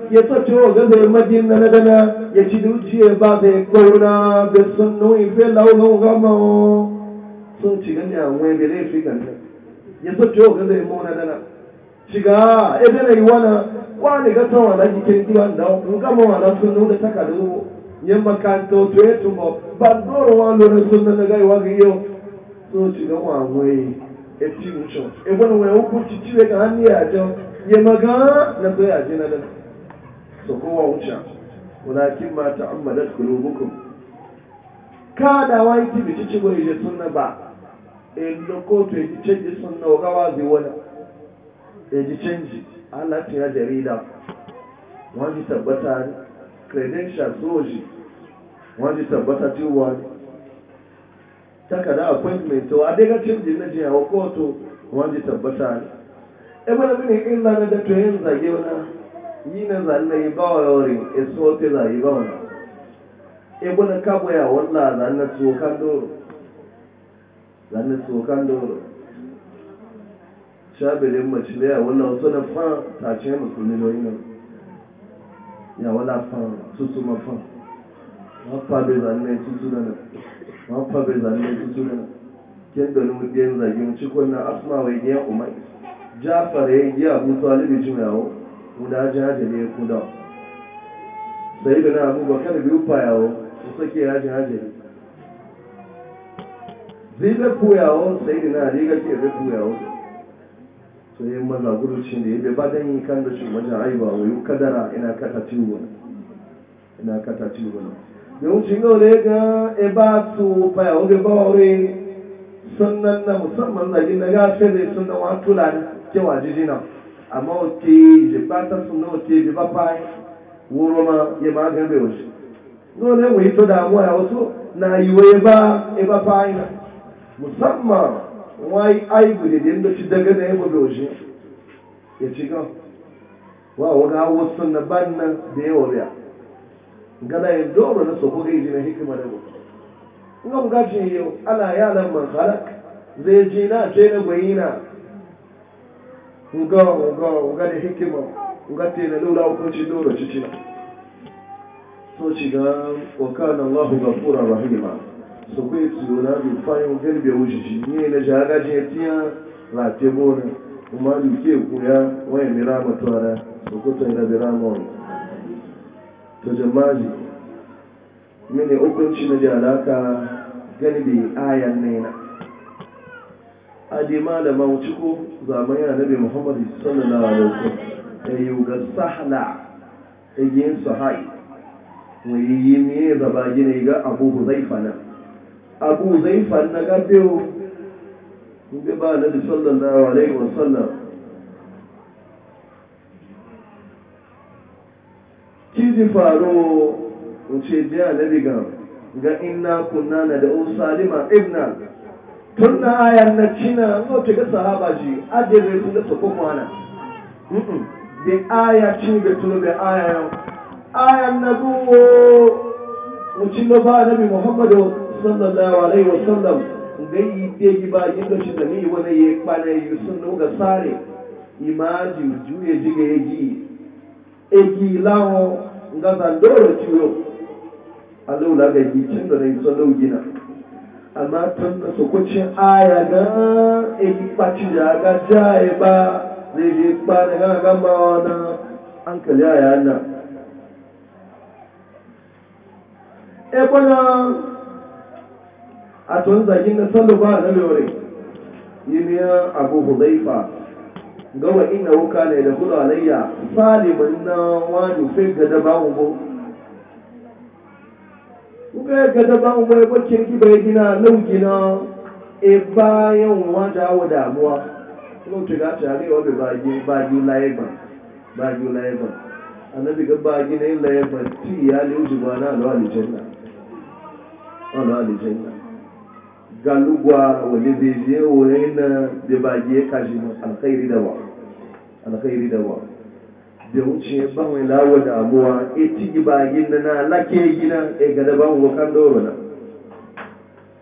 ya tsoci wa ga zai madina na dana ya ci dukiya ba zai kauna da sunnu in fe lauga sun ci gani a wani da laifi ganin ya tsoci wa ga zai na dana shiga ya ebe na iwana wani ga tawa na jikin diwan da in gama wana sunnu da takardu yin makanta to ya tumo ba doro wa sunnu na gaiwa ga yau sun ci gama a wani ya ci maga na zai ajina dana su kowa wuce walakin ma ta ammalar Ka da wa yi cikin ci ya ije sunna ba e lokoto e ji canji sunna wa gawa zai wani e ji canji Allah ta ya jarida wani tabbata ni credentials soji wani ti tabbata ti wà ní takada appointment dai daga canji na jiya wa kotu wani tabbata ni ebe na ne illa na da to yin zage wani yine zanne ba wa yorin eso te za yi ba wani ebo na kabo ya wala zanne tsokan doro zanne tsokan doro shabirin macile ya wala wasu na fan tace musulmi da yinan ya wala fan tutu ma fan mafa bai zanne tutu da nan mafa bai zanne tutu da nan kin da nudin zagin cikon na asma wai giyan umar jafar ya yi giya abu talibi jimayawo guda jaji ne kuna sai da na abubakar biyu fayawo su sake ya jaji ne zai da koyawo sai da na riga ke da koyawo to yi maza guducin bai ba don yi kan da shi wajen aiba wa kadara ina kata ciwo ina kata ciwo yau shi yau ne ga eba su fayawo da ba wuri sannan na musamman na gina gafe da sunan wa kewa jijina amma oke je fata na oke je ba fayi wuro ma ya ma da ya wasu na iwe wa ya ba ya na musamman wai aibu da yadda shi daga ya ya wa wasu na da yawa biya gana yin na soko gaiji na hikima da mutu in ga yau ana yalan zai ji na nga nga nga da hikima nga tela lula hukunci doro chi! ci ga wa kana Allahu ghafurur rahima so kai tsura bi fayin ozuzi. wujiji ne na jaga je tiya la tebona kuma du ke kuya wai so ko ndabere da mirama to jama'i mene hukunci na jalaka galbe ayan na adi malama wuce ko zamani annabi muhammad sallallahu alaihi wasallam ayu ga sahla ayin sahai wani yi me zaba gina ga abu huzaifa na abu huzaifa na ga biyo inda ba annabi sallallahu alaihi wasallam kiji faro wuce biya annabi ga ga inna kunna na da salima ibna tun na aya na cina n'ofe te ga sahaba ji aje zai tun da sako kwana da aya cin da tun da aya yau ayan na duwo mucin da ba nabi muhammadu sallallahu alaihi wasallam gai te gi ba yin da shi da ni wani ya kwana yi sun no ga sare imaji juye jiga ya gi egi lawo ga zandoro ciwo Allah ga gi cin da ne sallau gina amma tun da su kucin aya ga egi kpaci da ga jaye ba zai je kpa da ga gama wani an aya na ekwana a tun zagin na sallu ba na lori yiniya abu hudaifa gawa ina wuka ne da hudu alayya salimin na wani fi gada ba umu nga gada ba mu bai bakin ki bai gina nan gina e bayan wanda awo damuwa ko to ga ta ne wanda ba ji ba ji laye ba ba ji laye ba annabi ga ba gina yin laye ba ti ya le uji ba na alwa aljanna alwa aljanna galugwa wani zai je wurin da ba je kashi alkhairi da wa alkhairi da wa Eh, da wuce banwai lawa damuwa e ciki bagin na na lake gina e eh, gada ban wakan doro na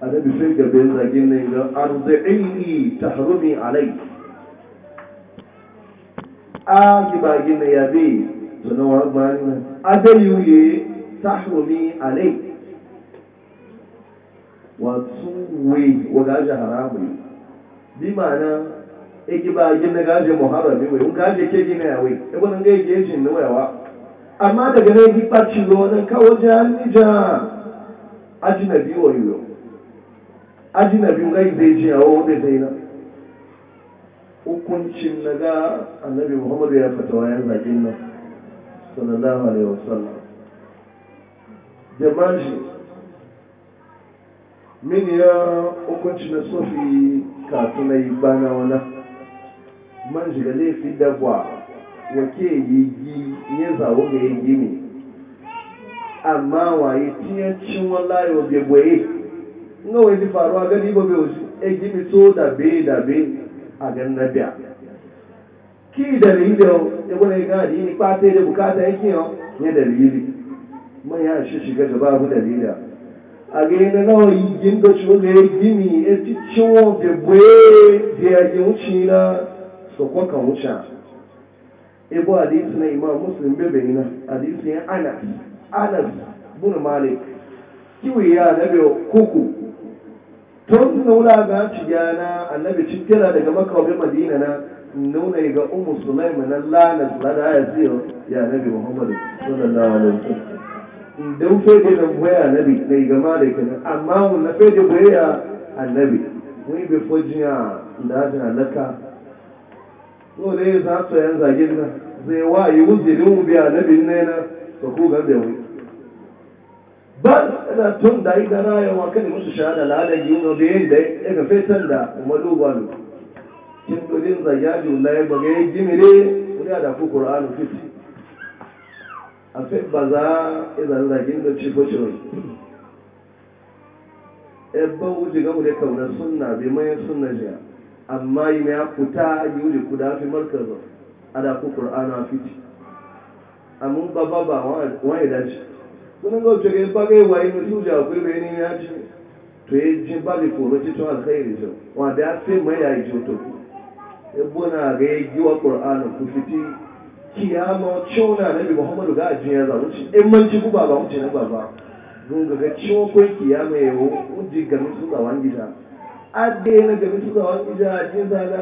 annabi sai ga bayan zagin nan ga arzi'i tahrumi alai a ji bagin na ya bi sunan wa mani na adali wuye tahrumi alai wato wai waga haramu bi ma'ana eki ba kin na gaje muharram wai in gaje ke dina ya wai e wannan ga yake jin na wa? amma daga ne ki bacci lo nan ka waje anija ajnabi wa yo ajnabi ga zai ji awo da zai na hukuncin na ga annabi muhammadu ya fata wayan zagin nan sallallahu alaihi wasallam jama'a shi min ya hukuncin na sofi kafin na yi bana wani man shiga laifi dabwa wake yi yi ya zawo ga yi gini amma waye tiyancin wallahi wa bai boye nga wani faruwa gani ba bai wasu e eh, gini to da be da be a gan na biya ki dalili da ya wani gani ni kwata da bukata yake yau ne dalili man ya shi shiga gaba ku dalila a ga yana nawa yi gindo ciwo ga yi gini e ti ciwo bai da ya gini na so ka kan wuce ibu hadisi na imam muslim bebe na hadisi ya anas anas bin malik kiwi ya nabi kuku tun nuna ga cigana annabi cikira daga makawai madina na nuna ga umu sulaimu na lanas lada ya ziyo ya nabi muhammadu sallallahu alaihi wasallam don fede na boya annabi na iga malik na amma mun na fede boya annabi mun bi fojiya da hajjin alaka dole za su yan zagin nan zai wa yi wuzirin biya na binne na ka ku gabe wani ba na tun da yi gana ya wa kan musu shahada lalar yi wani bayan da e e ya ga fetan da umaru gwanu kin dodin zagyaji na ya baga ya gimire wani da ku kur'anu fiti a fi ba za a e zan zagin da ci bocin ebe wuce gamu da kaunar sunna bai mayan sunna jiya amma yi mai kuta yi wuri kuda fi markaza ada ku qur'ana fiti amun baba ba wa ida ji kun ga ba ga wai mu tuja ku ya ji to yi ji ba li foro ji to alkhairi jo wa da ya ji to e bona ga yi wa ku kiyama chona muhammadu ga ya zaru ci in man ku na baba gunga ga ciwo adịghị na gami suka wani jajin zana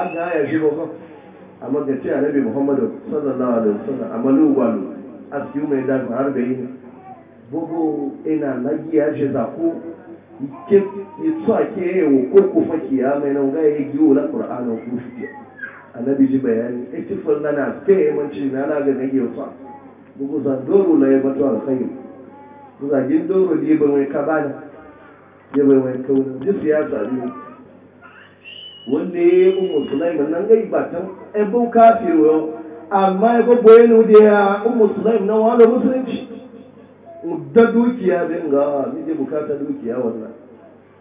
a ga ya ji bakon amma ga ce annabi muhammadu sallallahu alaihi wasallam amma lu walu asiyu mai da har da yi bobo ya je za ko ke yitsu ake wo ko ku ya mai nan yi giwo la qur'anu ku fiti annabi ji ya itifal lana sai na na ga nake fa ebe za doro la ya bato alkhair dị ya bai wani kaunin ji siyasa ne wanda ya yi umu sulaiman nan gai ba tan ebon kafin yau amma ya gbogbo ya nude ya umu sulaiman nan wani musulunci da dukiya zai ga mi ah, je bukata dukiya wannan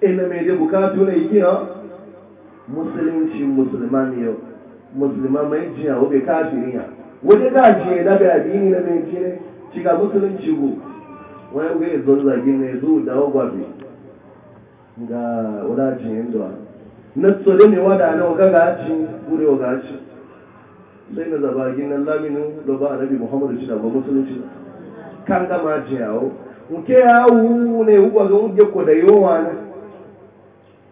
ina mai je bukatu na yi ah, musulunci musulman yau musulman mai jiya wabe kafirin ya wani gaji ya dabe addini na mai jiya shiga musulunci go wani ga ya zo zagin na ya ga wadajin yanzu na tsole ne wada na ga gaci gure wa gaci sai na zabagin nan laminin da ba arabi muhammadu shi da ba musulunci kan gama yawo. nke ya wu ne wuwa ga wuge ko da yawa ne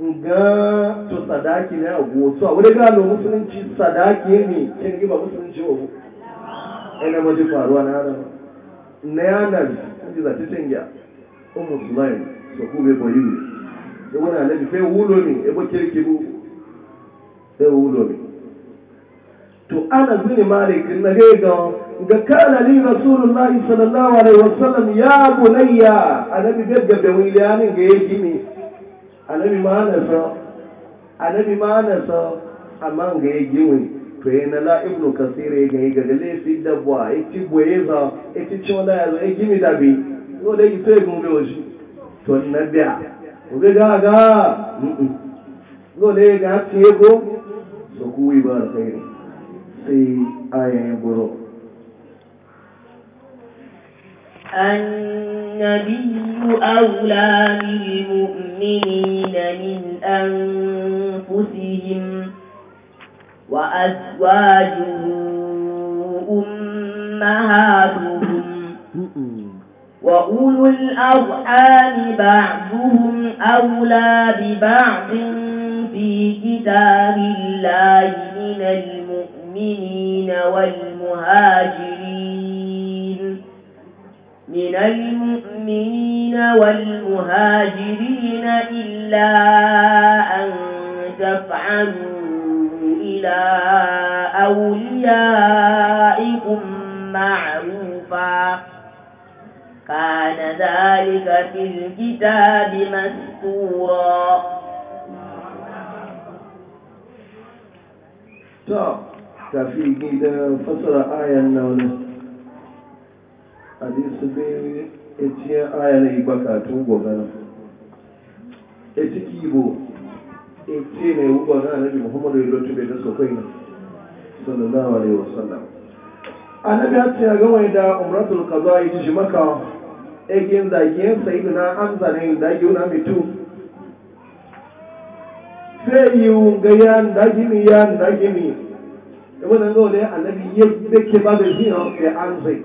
nga to sadaki ne a gosu a wani gano musulunci sadaki ne kin giba musulunci wa ina maji faruwa na hada na yanar ji zaci cin gya umu sulaim su kube bayu ebo na anabi fe wulo mi ebo kirki bu sai wulo mi to ana zuni malik na ga ga kana li rasulullah sallallahu alaihi wasallam ya bunayya anabi da be wiliyanin ga yake mi anabi ma na so anabi ma na so amma ga yake mi to yana la ibnu kasir ga ga le fi dabwa e za boyeza e ti chonda ya e gimi ko no le sai gumbe oji to nabia oge gaga dole ga tiye ko so kuwi ba alkhairi sai ayan goro النبي أولى بالمؤمنين من أنفسهم وأزواجه أمهاتهم وأولو الأرحام بعضهم أولى ببعض في كتاب الله من المؤمنين والمهاجرين من المؤمنين والمهاجرين إلا أن تفعلوا إلى أوليائكم معروفاً كان ذلك في الكتاب مستورا to kafin gida fasara ayan na wani hadisu etiyan ayan na ibakatun gogana eti kibo eti na iwu gogana na bi muhammadu ilotu bai da sokwai na sallallahu alaihi wasallam annabi egin zagiyar sayidu na hamza na yin dagiyu na mitu sai yi wunga ya dagini ya dagini ibi na nole annabi ya beke ba da zinan ya anzai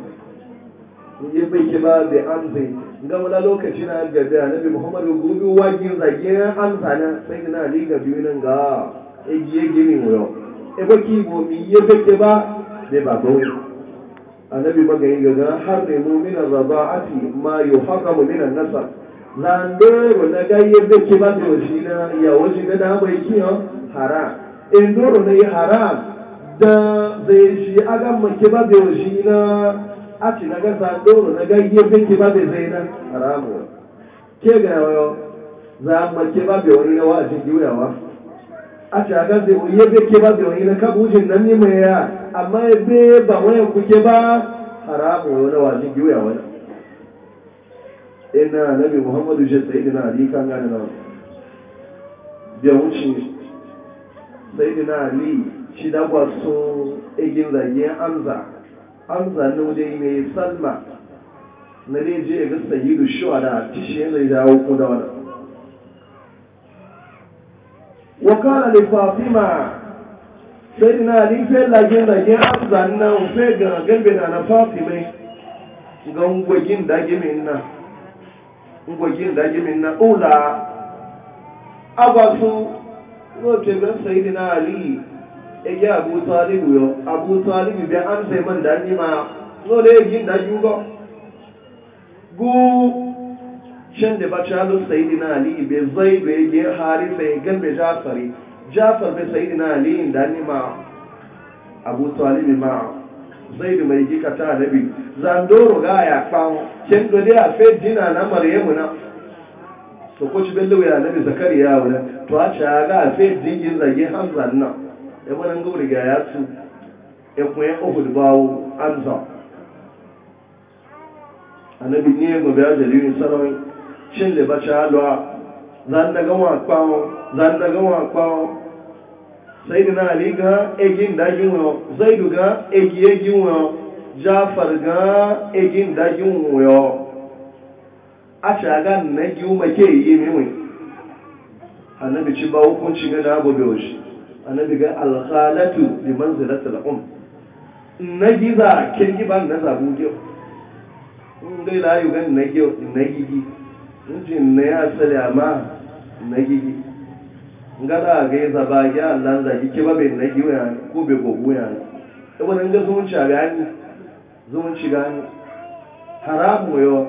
ya beke ba da anzai gama na lokaci na gabe annabi muhammadu gudu wagin zagiyar hamza na sayidu na liga biyu nan ga egiye gini wuyo ebe ki bo mi ya beke ba da ba gauyi annabi magayi gaza har ne mu a raba'ati ma haka mu an nasa na ndoro na ga da ke ba da shi na ya shi na da yi kiyo haram in doro yi haram da zai shi aga ke ba da shi na a ci na gasa doro na ga da ke ba da zai na haramu ke ga yo za ke ba da wani na wa a cikin yawa a aga da wuri bai ke ba da wuri na kabu jin nan ne mai ya amma ya be ba wani kuke ba haramu wani wani giwa wani ina nabi muhammadu shi sai na ali kan gane na da wuce sai na ali shi da ba su egin zage anza anza ne wajen mai salma na ne je ga sayidu shuwa da tishe zai dawo ko da wani wakala da fatima sai na linfe lage-lage an zanna ofe ga gambe na na fatima ga ngwagin dage min na ngwagin dage min na ula agwasu rote ga sai na ali ege abu talibu yo abu talibu bi an sai man dage ma no le gin dage go gu can da bacin saidi na aliyu be zai be ge harisa ya galbe jafari jafar be sayidina ali da ni abu talibi ma zai da mai gika ta ga ya kawo can dole a fe dina na maryamu na to ko ci bello ya nabi zakariya to a ca ga a fe dingin zage hanzan nan ya wannan gauri ga ya su ya kuma ya bawo cin da bace halwa zan daga wa kwawo zan daga wa kwawo sai da na ali ga egin dagin wayo zaidu ga egi egin jafar ga egin dagin wayo a shaga na gi ke yi A annabi ci ba hukunci ga na gobe washi annabi ga alhalatu bi manzilatil um na gi kirgi kirgiban na zabu gyau ngai layu gan na gi na gi. ji na ya sale na gigi ngada ga ya zaba ya Allah da gike ba bai na gigi ya ko bai gogo ya e ne ba nan ga zumunci ga ni zumunci ga ni haramu yo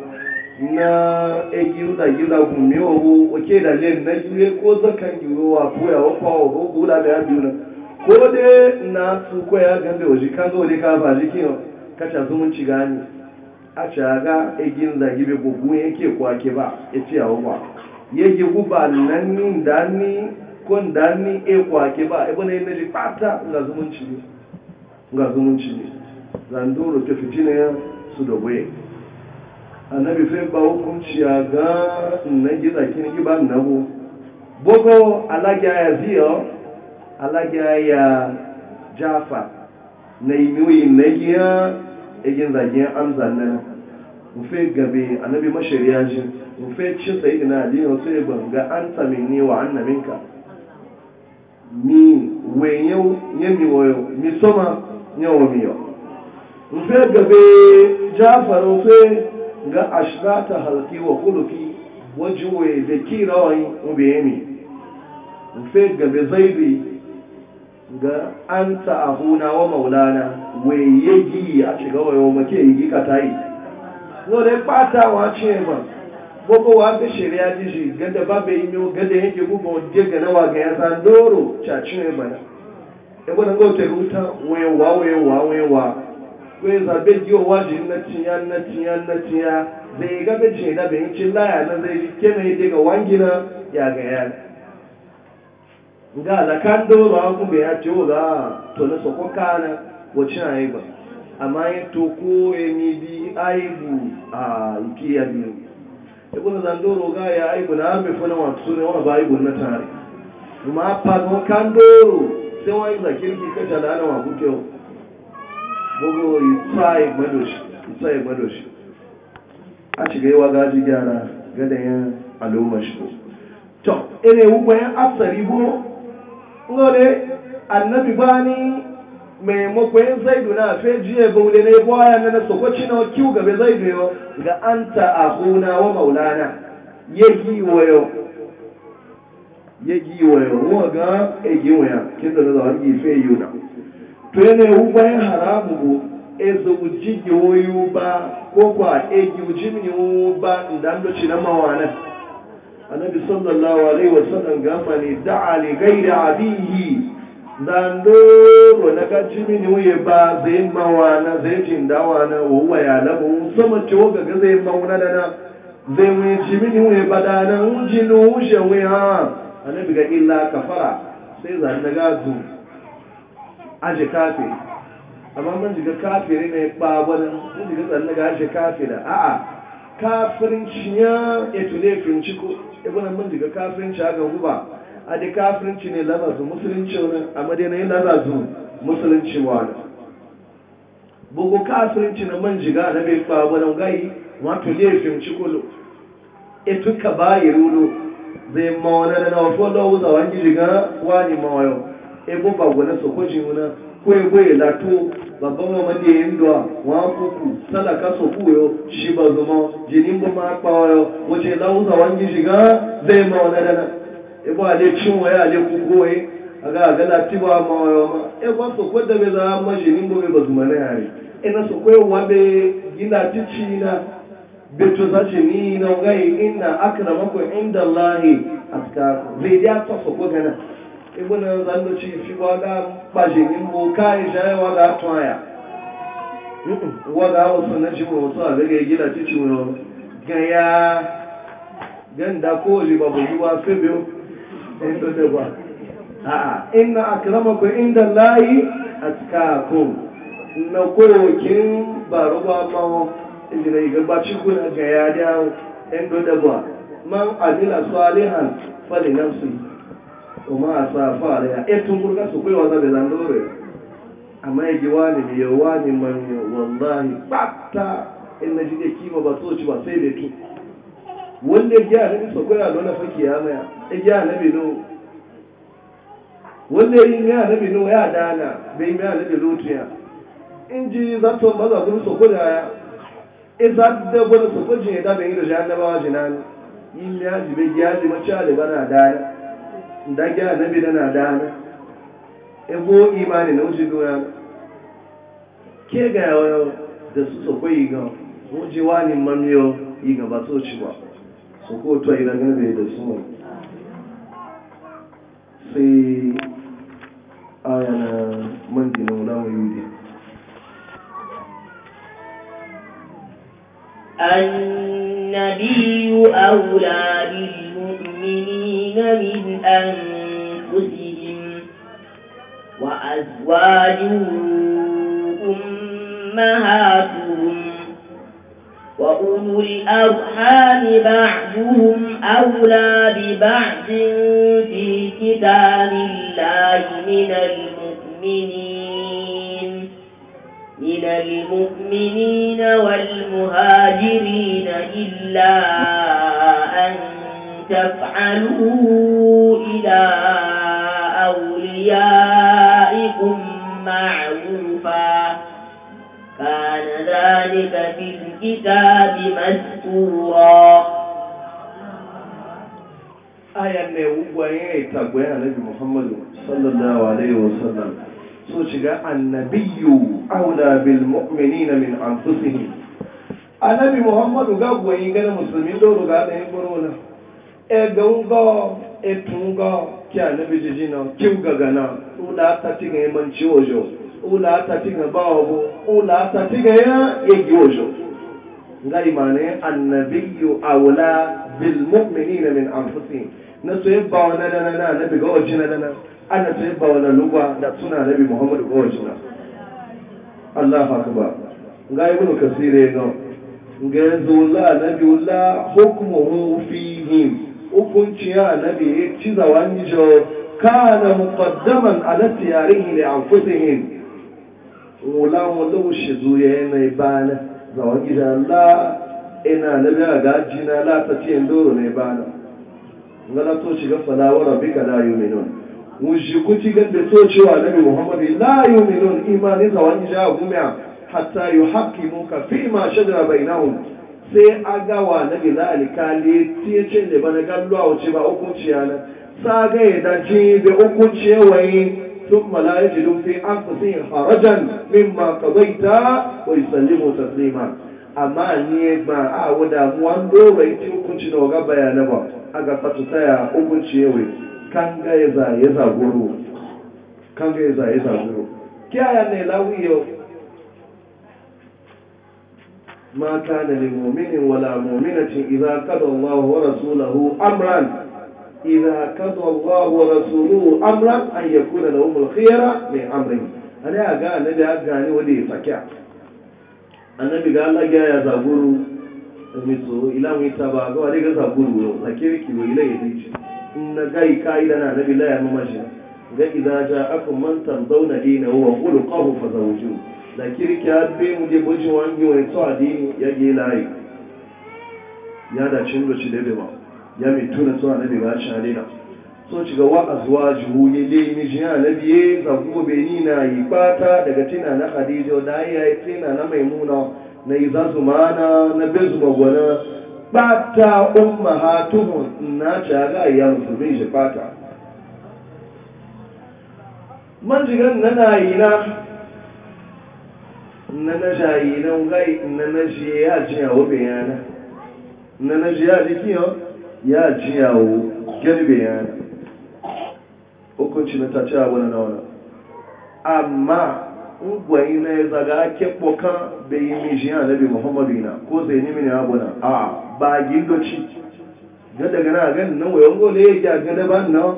na egi da gida ku mi o da le na gigi ko zakan giro wa ko ya wa ko go gula da biyu na ko de na su ko ya gambe waje kan go de ka ba kacha zumunci ga ni a shaga gibe zagi bai gugu ke kwake ba ya ce yawo ba ya yi guba nan ni da ni kun da ni e ba ibi na yi naji fata ga zumunci ne ga ya su da waye annabi ba ya ga na gida kin giba na bu alagi ya ziyo alagi ya jafa na yi miwi na egin zage amza nan mufe gabe annabi mashariya ji mufe cin sayi na ali wasu ibn ga an tamini wa annaminka minka mi ya mi woyo mi soma nyawo miyo mufe gabe jafar mufe ga ashrata halki wa khuluqi wajwe da kirawi mi mufe gabe zaidi ga an ta'ahuna wa maulana wai ya gi a shiga wayo ya yi ka yi. no dai fata wa ce ma boko wa ga shari'a ji shi ga da yi mu ga da yake gubo je ga nawa ga ya doro cha ce ma na e bona go te ruta waye wa waye wa waye wa ko za na tiya na tiya na tiya zai ga be ce da be cin laya na zai ke mai daga wangina ya ga yana ga zakan doro a kuma ya ce za to na soko kana wacce na yi ba amma yi to ko ya ni bi aibu a iki ya biyu ibn e zandoro ga ya aibu na mai fana wato ne wani ba aibu na tare kuma fadon kan doro sai wani zakir ki kaca da ana wabu kyau gogo yi tsaye madoshi yi tsaye madoshi a shiga yi wa gaji gyara gadayen al'ummar shi to ene wubayen asari bo ngole annabigbani bani zaidu na feji ya gaule na yabo aya na sokoci na kiwu zaidu yo ga anta na wa maulana yegi wayo yegi wayo ga egi waya kinda da zawar gi fe na to yana yu bayan haramu bu ezo ujigi woyu ba ko kwa egi ujimini wu ba ndando ci na mawanan annabi sallallahu alaihi sallam gama ne da'a li ghairi abihi dan doro na ka cimi ne waye ba zai mawa na zai jin dawa na wawa ya bu sama ce waga ga zai mauna da na zai waye cimi ne waye ba da na unji na, unje waye ha annabi ga illa kafara sai zan daga zu aje kafe amma mun jiga kafiri ne ba wani mun jiga zan daga aje da. a'a kafirin ciya etule finciko ibn mun diga kafirci ga guba a da kafirci ne lazazu musulunci ne a madina madinayin lazazu musulunci wani bugu kafirci na man jiga na bai fa wani gai wato laifin cikulu ita e ka bayi rulo zai mawana da na wato da wani jiga wani mawayo e ebo ba gwani sokojin wuna kwaikwaye lato babban mamadi ya yin duwa wa kuku sadaka so shi ba zuma jinin ba ma kpawayo wace lauza wangi zai ma dana ibo ale cin waya a ga ga lati ba ma waya ma ibo so ko da bai ba zuma na yare ina na beto za na gai inna akramakum indallahi na zanda ci fi waga baje in bo kai jaye waga twaya waga wasu na ji wasu a daga gida ci ci wani gaya ganda ko riba bu zuwa fibio in da da ba a'a inna akramakum inda na kokin baruba mawo inda ga baci kuna gaya man amila salihan fali kuma a sa fara ya e tun burga su kai wata bezan dore amma ya wani ne ya wani man wallahi bata in na ji da kima ba so ci ba sai da tu wanda ya ji annabi su kai a lona faki ya maya ya ji annabi no wanda ya yi mai annabi no ya dana bai mai annabi lotiya in ji za ta maza gudu su kuda ya in za ta gwada su kujin ya da bai yi da shi annabawa jinani yin ya ji bai ya ji mace da bana dana ndagi annabi na na dana ebo imani na uji dora ke ga yawo da su so koyi ga uji wani mamiyo yi ba so ci ba so ko to ina ga na manjinin lamu yudi النبي أولى يخرجن من أنفسهم وأزواج أمهاتهم وأولو الأرحام بعضهم أولى ببعض في كتاب الله من المؤمنين من المؤمنين والمهاجرين إلا تفعلوا إلى أوليائكم معروفا كان ذلك في الكتاب مستورا ayan ne ugwaye ya yi tagwaye annabi muhammadu sallallahu alaihi wasallam so shiga annabiyu aula bil mu'minina min anfusihim annabi muhammadu ga gwaye gana musulmi doro ga ɗayan gwarona ega ngo etungo kya nabi jijina kiu gagana ula tatiga imanchi ojo ula tatiga bawo ula tatiga ya yegi Nga ngai mane annabiyyu awla bil mu'minina min anfusihim na so yabba wana na na nabi ga ojina na ana so yabba wana lugwa da suna nabi muhammad ga ojina allah akbar ngai Nga kasire no ngai zulla nabi ulla hukmuhu fihim hukunci ya annabi ci zawani jo kana muqaddaman ala tiyarihi li anfusihim wala wala shi zuye ne bana zawani da Allah ina nabi a gaji na la ta ce ndoro ne bana ngala to shiga falawa rabbika la yu'minun wuji kuti gadda to cewa nabi muhammad la yu'minun imani zawani ja gumiya hatta yuhaqqimuka fi ma shajara bainahum sai agawa na bi za a da bana gallo a wuce ba hukunci yana sa ga ya dace da hukunci yawayi sun malaye duk sai an kusi harajan min ma kazaita wa yusallimu taslima amma ni ba a wada mu an dora hukunci na waga bayana ba a ga fatu taya hukunci yawayi kan ga ya za ya za guru kan ga ya za ya za kiyaye ne lawiyo ما كان لمؤمن ولا مؤمنة إذا قضى الله ورسوله أمرا إذا قضى الله ورسوله أمرا أن يكون لهم الخيرة من أمرهم أنا أقال نبي أقاني ودي فكع النبي قال لك يا زابورو mito ila mai ta ba ga wani gasa guru a kirki mai ila yi dace in na gai ka'ida na nabi la ya mamashi ga idza ja'akum man dinahu wa khuluquhu fazawjuhu da kirki haɗe mu je gwaji wangi wani tsawa dini ya ge layi ya da cin da daidai ba ya mai tuna tsawa na ba shi halina so ci ga wa'a zuwa juhu ya le ni jiya na biye zagu bai ni na yi bata daga tina na hadijo da ya yi tina na maimuna na yi zasu mana na bezu magwana bata umma hatuhun na ci ga ya musulmi bata man jigan na na yi na nana jayi na ngai nana je ya jiyawo bayana nana ji ya jiki yo ya jiyawo gani bayana hukunci na tace abu na nauna amma ungwai na ya zaga ake boka bai yi mishi ya nabi muhammadu na ko zai nimi ne abu na a ba gindoci ga daga na gan nan wayan gole ya ga da ban nan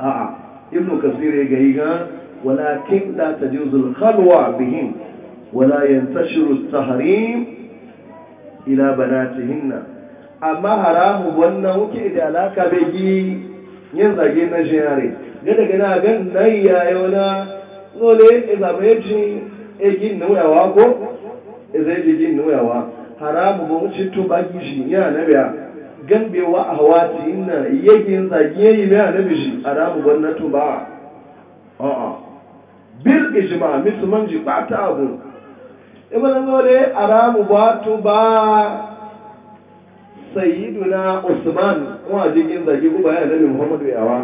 a ibnu kasir ga yi ga walakin la tajuzul khalwa bihim wala yantashiru tahrim ila banatihinna amma haramu wannan wuke da alaka bai gi yin zage na jiyare ga daga na gan nan yayo na dole e zabe ji e gi nuyawa ko e zai ji gi nuyawa haramu ba wuce to ba gi shi na biya gan be wa ahwati inna yake zage yi na na bi shi haramu wannan a'a bil ijma musulman ji ba ta abu ibn ngole aramu batu ba sayiduna usman kuma jigin zagi ku bayan nabi muhammadu yawa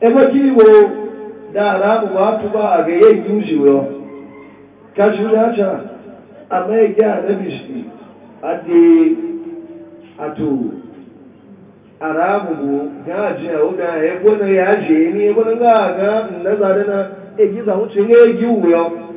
ebo kiwo da aramu batu ba a ga yayi yuji yo ka shura ta amma ya ga nabi shi ade ato aramu go ga ji o ga ebo na ya je ni ebo na ga ga na zadana e giza mu ya yi yi wuyo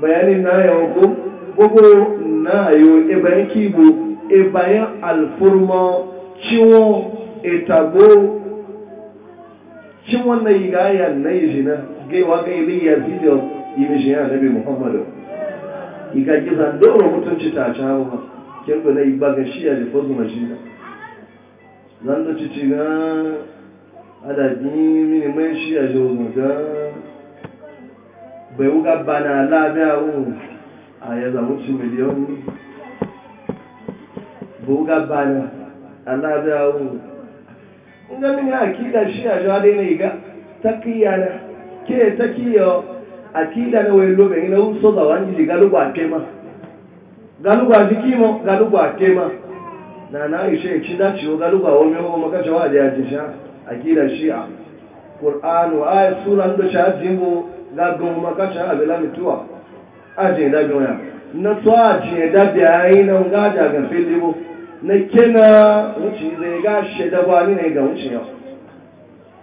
bayanin na yawon ko gbogbo na yo ebayan kibo ebayan alfurma ciwon etago ciwon na igaya na izina gaiwa ga iliya video imishin ya nabi muhammadu iga giza doro mutunci ta ci hawa kirgo na ibagan shi ya jifo zuma shi na zan da cici na adadin minimai shi ya jifo zuma bai bana labiya wun a ya zamu ci miliyon bana a labiya wun akida shi a jawa na iga ke takiya akida na wani lobe na wuso da wani ji galugwa tema galugwa jikimo galugwa na na ishe ci dacewa galugwa wani ƙur'anu a gagan makacin abila a ajin da ya na to ajin da biyayi na nga ga jagan filibo na kina wuce zai ga shedaba ni ne ga wuce yau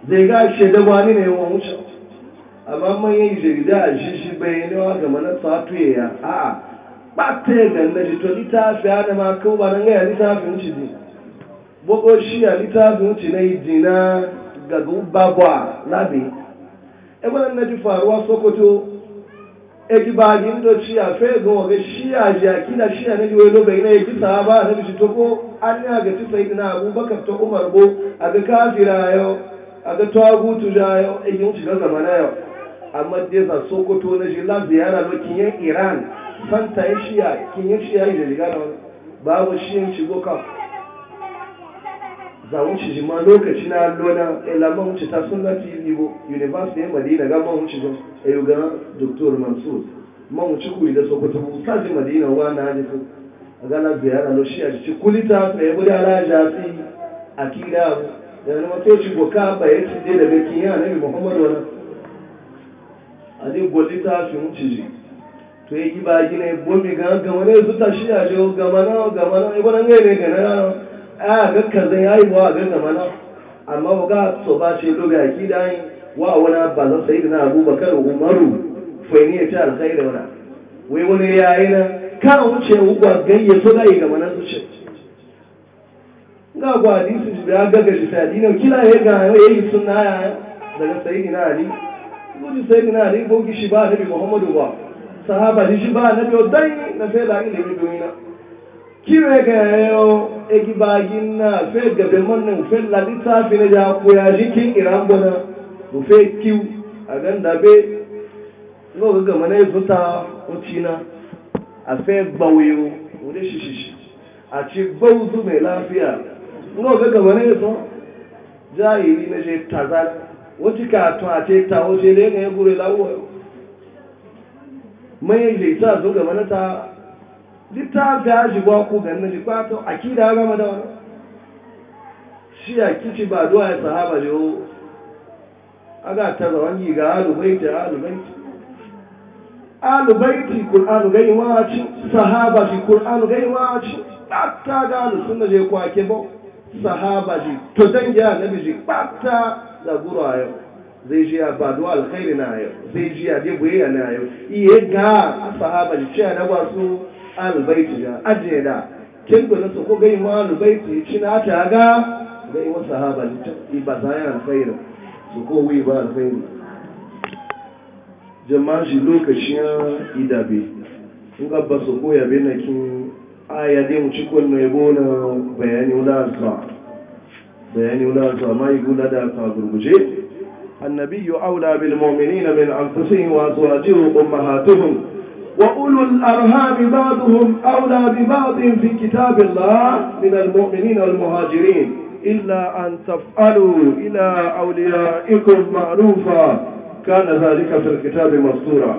zai ga shedaba ni ne wa wuce amma man yi jirida a shishi bayani wa ga mana fatuye ya a ba ta yi ganna ji to littafi ana ma kawo ba nan gaya littafi wuce ne boko shi a littafi wuce na yi jina ga gubba ba labi ebonan na ji faruwa sokoto egibagin doci a fegun waga shiya jaki na a na jiwai lobe na ya ba na bishi toko an ya ga ci sai na abubakar ta umar bo a ga kafira yau a ga tawagutu da yau a yi zamana yau amma dai sa sokoto na shi la ziyara lokin iran santa ya shiya kin yan shiya yi da riga da wani babu za wuce ji ma lokaci na lona ilama eh, wuce ta sun fi yiwu university ya madina ga ma wuce don ayu eh, ga doktor mansur ma wuce kuyi da sokoto mu sa madina wa na ji a gana ziyara lo shi a ci kulita fa eh, ya gudu ala jasi akida da wani matoci boka ba ya ci dai daga na annabi muhammadu wani adi golita fi wuce ji to ya ba gina bomi ga gama ne zuta shi a jo gama na gama na ya gudu ne gana na a ga kaza ya yi wa ga gama amma wa ga so ba ce lobe a kida yi wa wani ba zan sayi da na abubakar umaru fai ne ta alkhairu wani wai wani ya yi na ka wuce wuwa ganye so da yi su ce ga gwa hadisi ji gaga shi ta dinar kila ya ga ya sunna daga na ali gudu ali shi ba nabi muhammadu ba sahaba shi ba nabi dai na fela ilimi egibagin na fe gabe mannan fe lalita fi na ja koya kin iran bana mu fe kiw a gan dabe ngo ga gama na ifuta ucina a fe gbawayo wuri shishishi a ci gbauzu mai lafiya ngo ga gama na ifuta jahili na je tazar wacce ka tun a ce ta wace da yanayin gure lawo mai lita zo gama na ta littafi ya shiga ku ganin shi kwato a kida ya gama da wani shi a kici ba duwa ya sahaba da yau aga ta zawon yi ga alubaiti alubaiti alubaiti kur'anu gai waci sahaba shi kur'anu gai waci ɓata ga alusun da je kwake ba sahaba shi to dangi ya nabi shi ɓata da gura yau zai ji ya ba duwa alkhairi na yau zai ji ya debuye na yau iye ga sahaba shi ce na wasu albaiti da ajiye da kin gona su ko gai ma albaiti cina ta ga gai wa sahaba ta ba sai alkhairi su ko wi ba alkhairi jama'a shi lokacin idabe in ga ba su koya be na kin aya dai mu cikon na yabo na bayani wala bayani wala alfa mai gula da ta gurguje النبي أولى بالمؤمنين من أنفسهم وأزواجهم أمهاتهم وأولو الأرهاب بعضهم أولى ببعض في كتاب الله من المؤمنين والمهاجرين إلا أن تفعلوا إلى أوليائكم معروفا كان ذلك في الكتاب مسطورا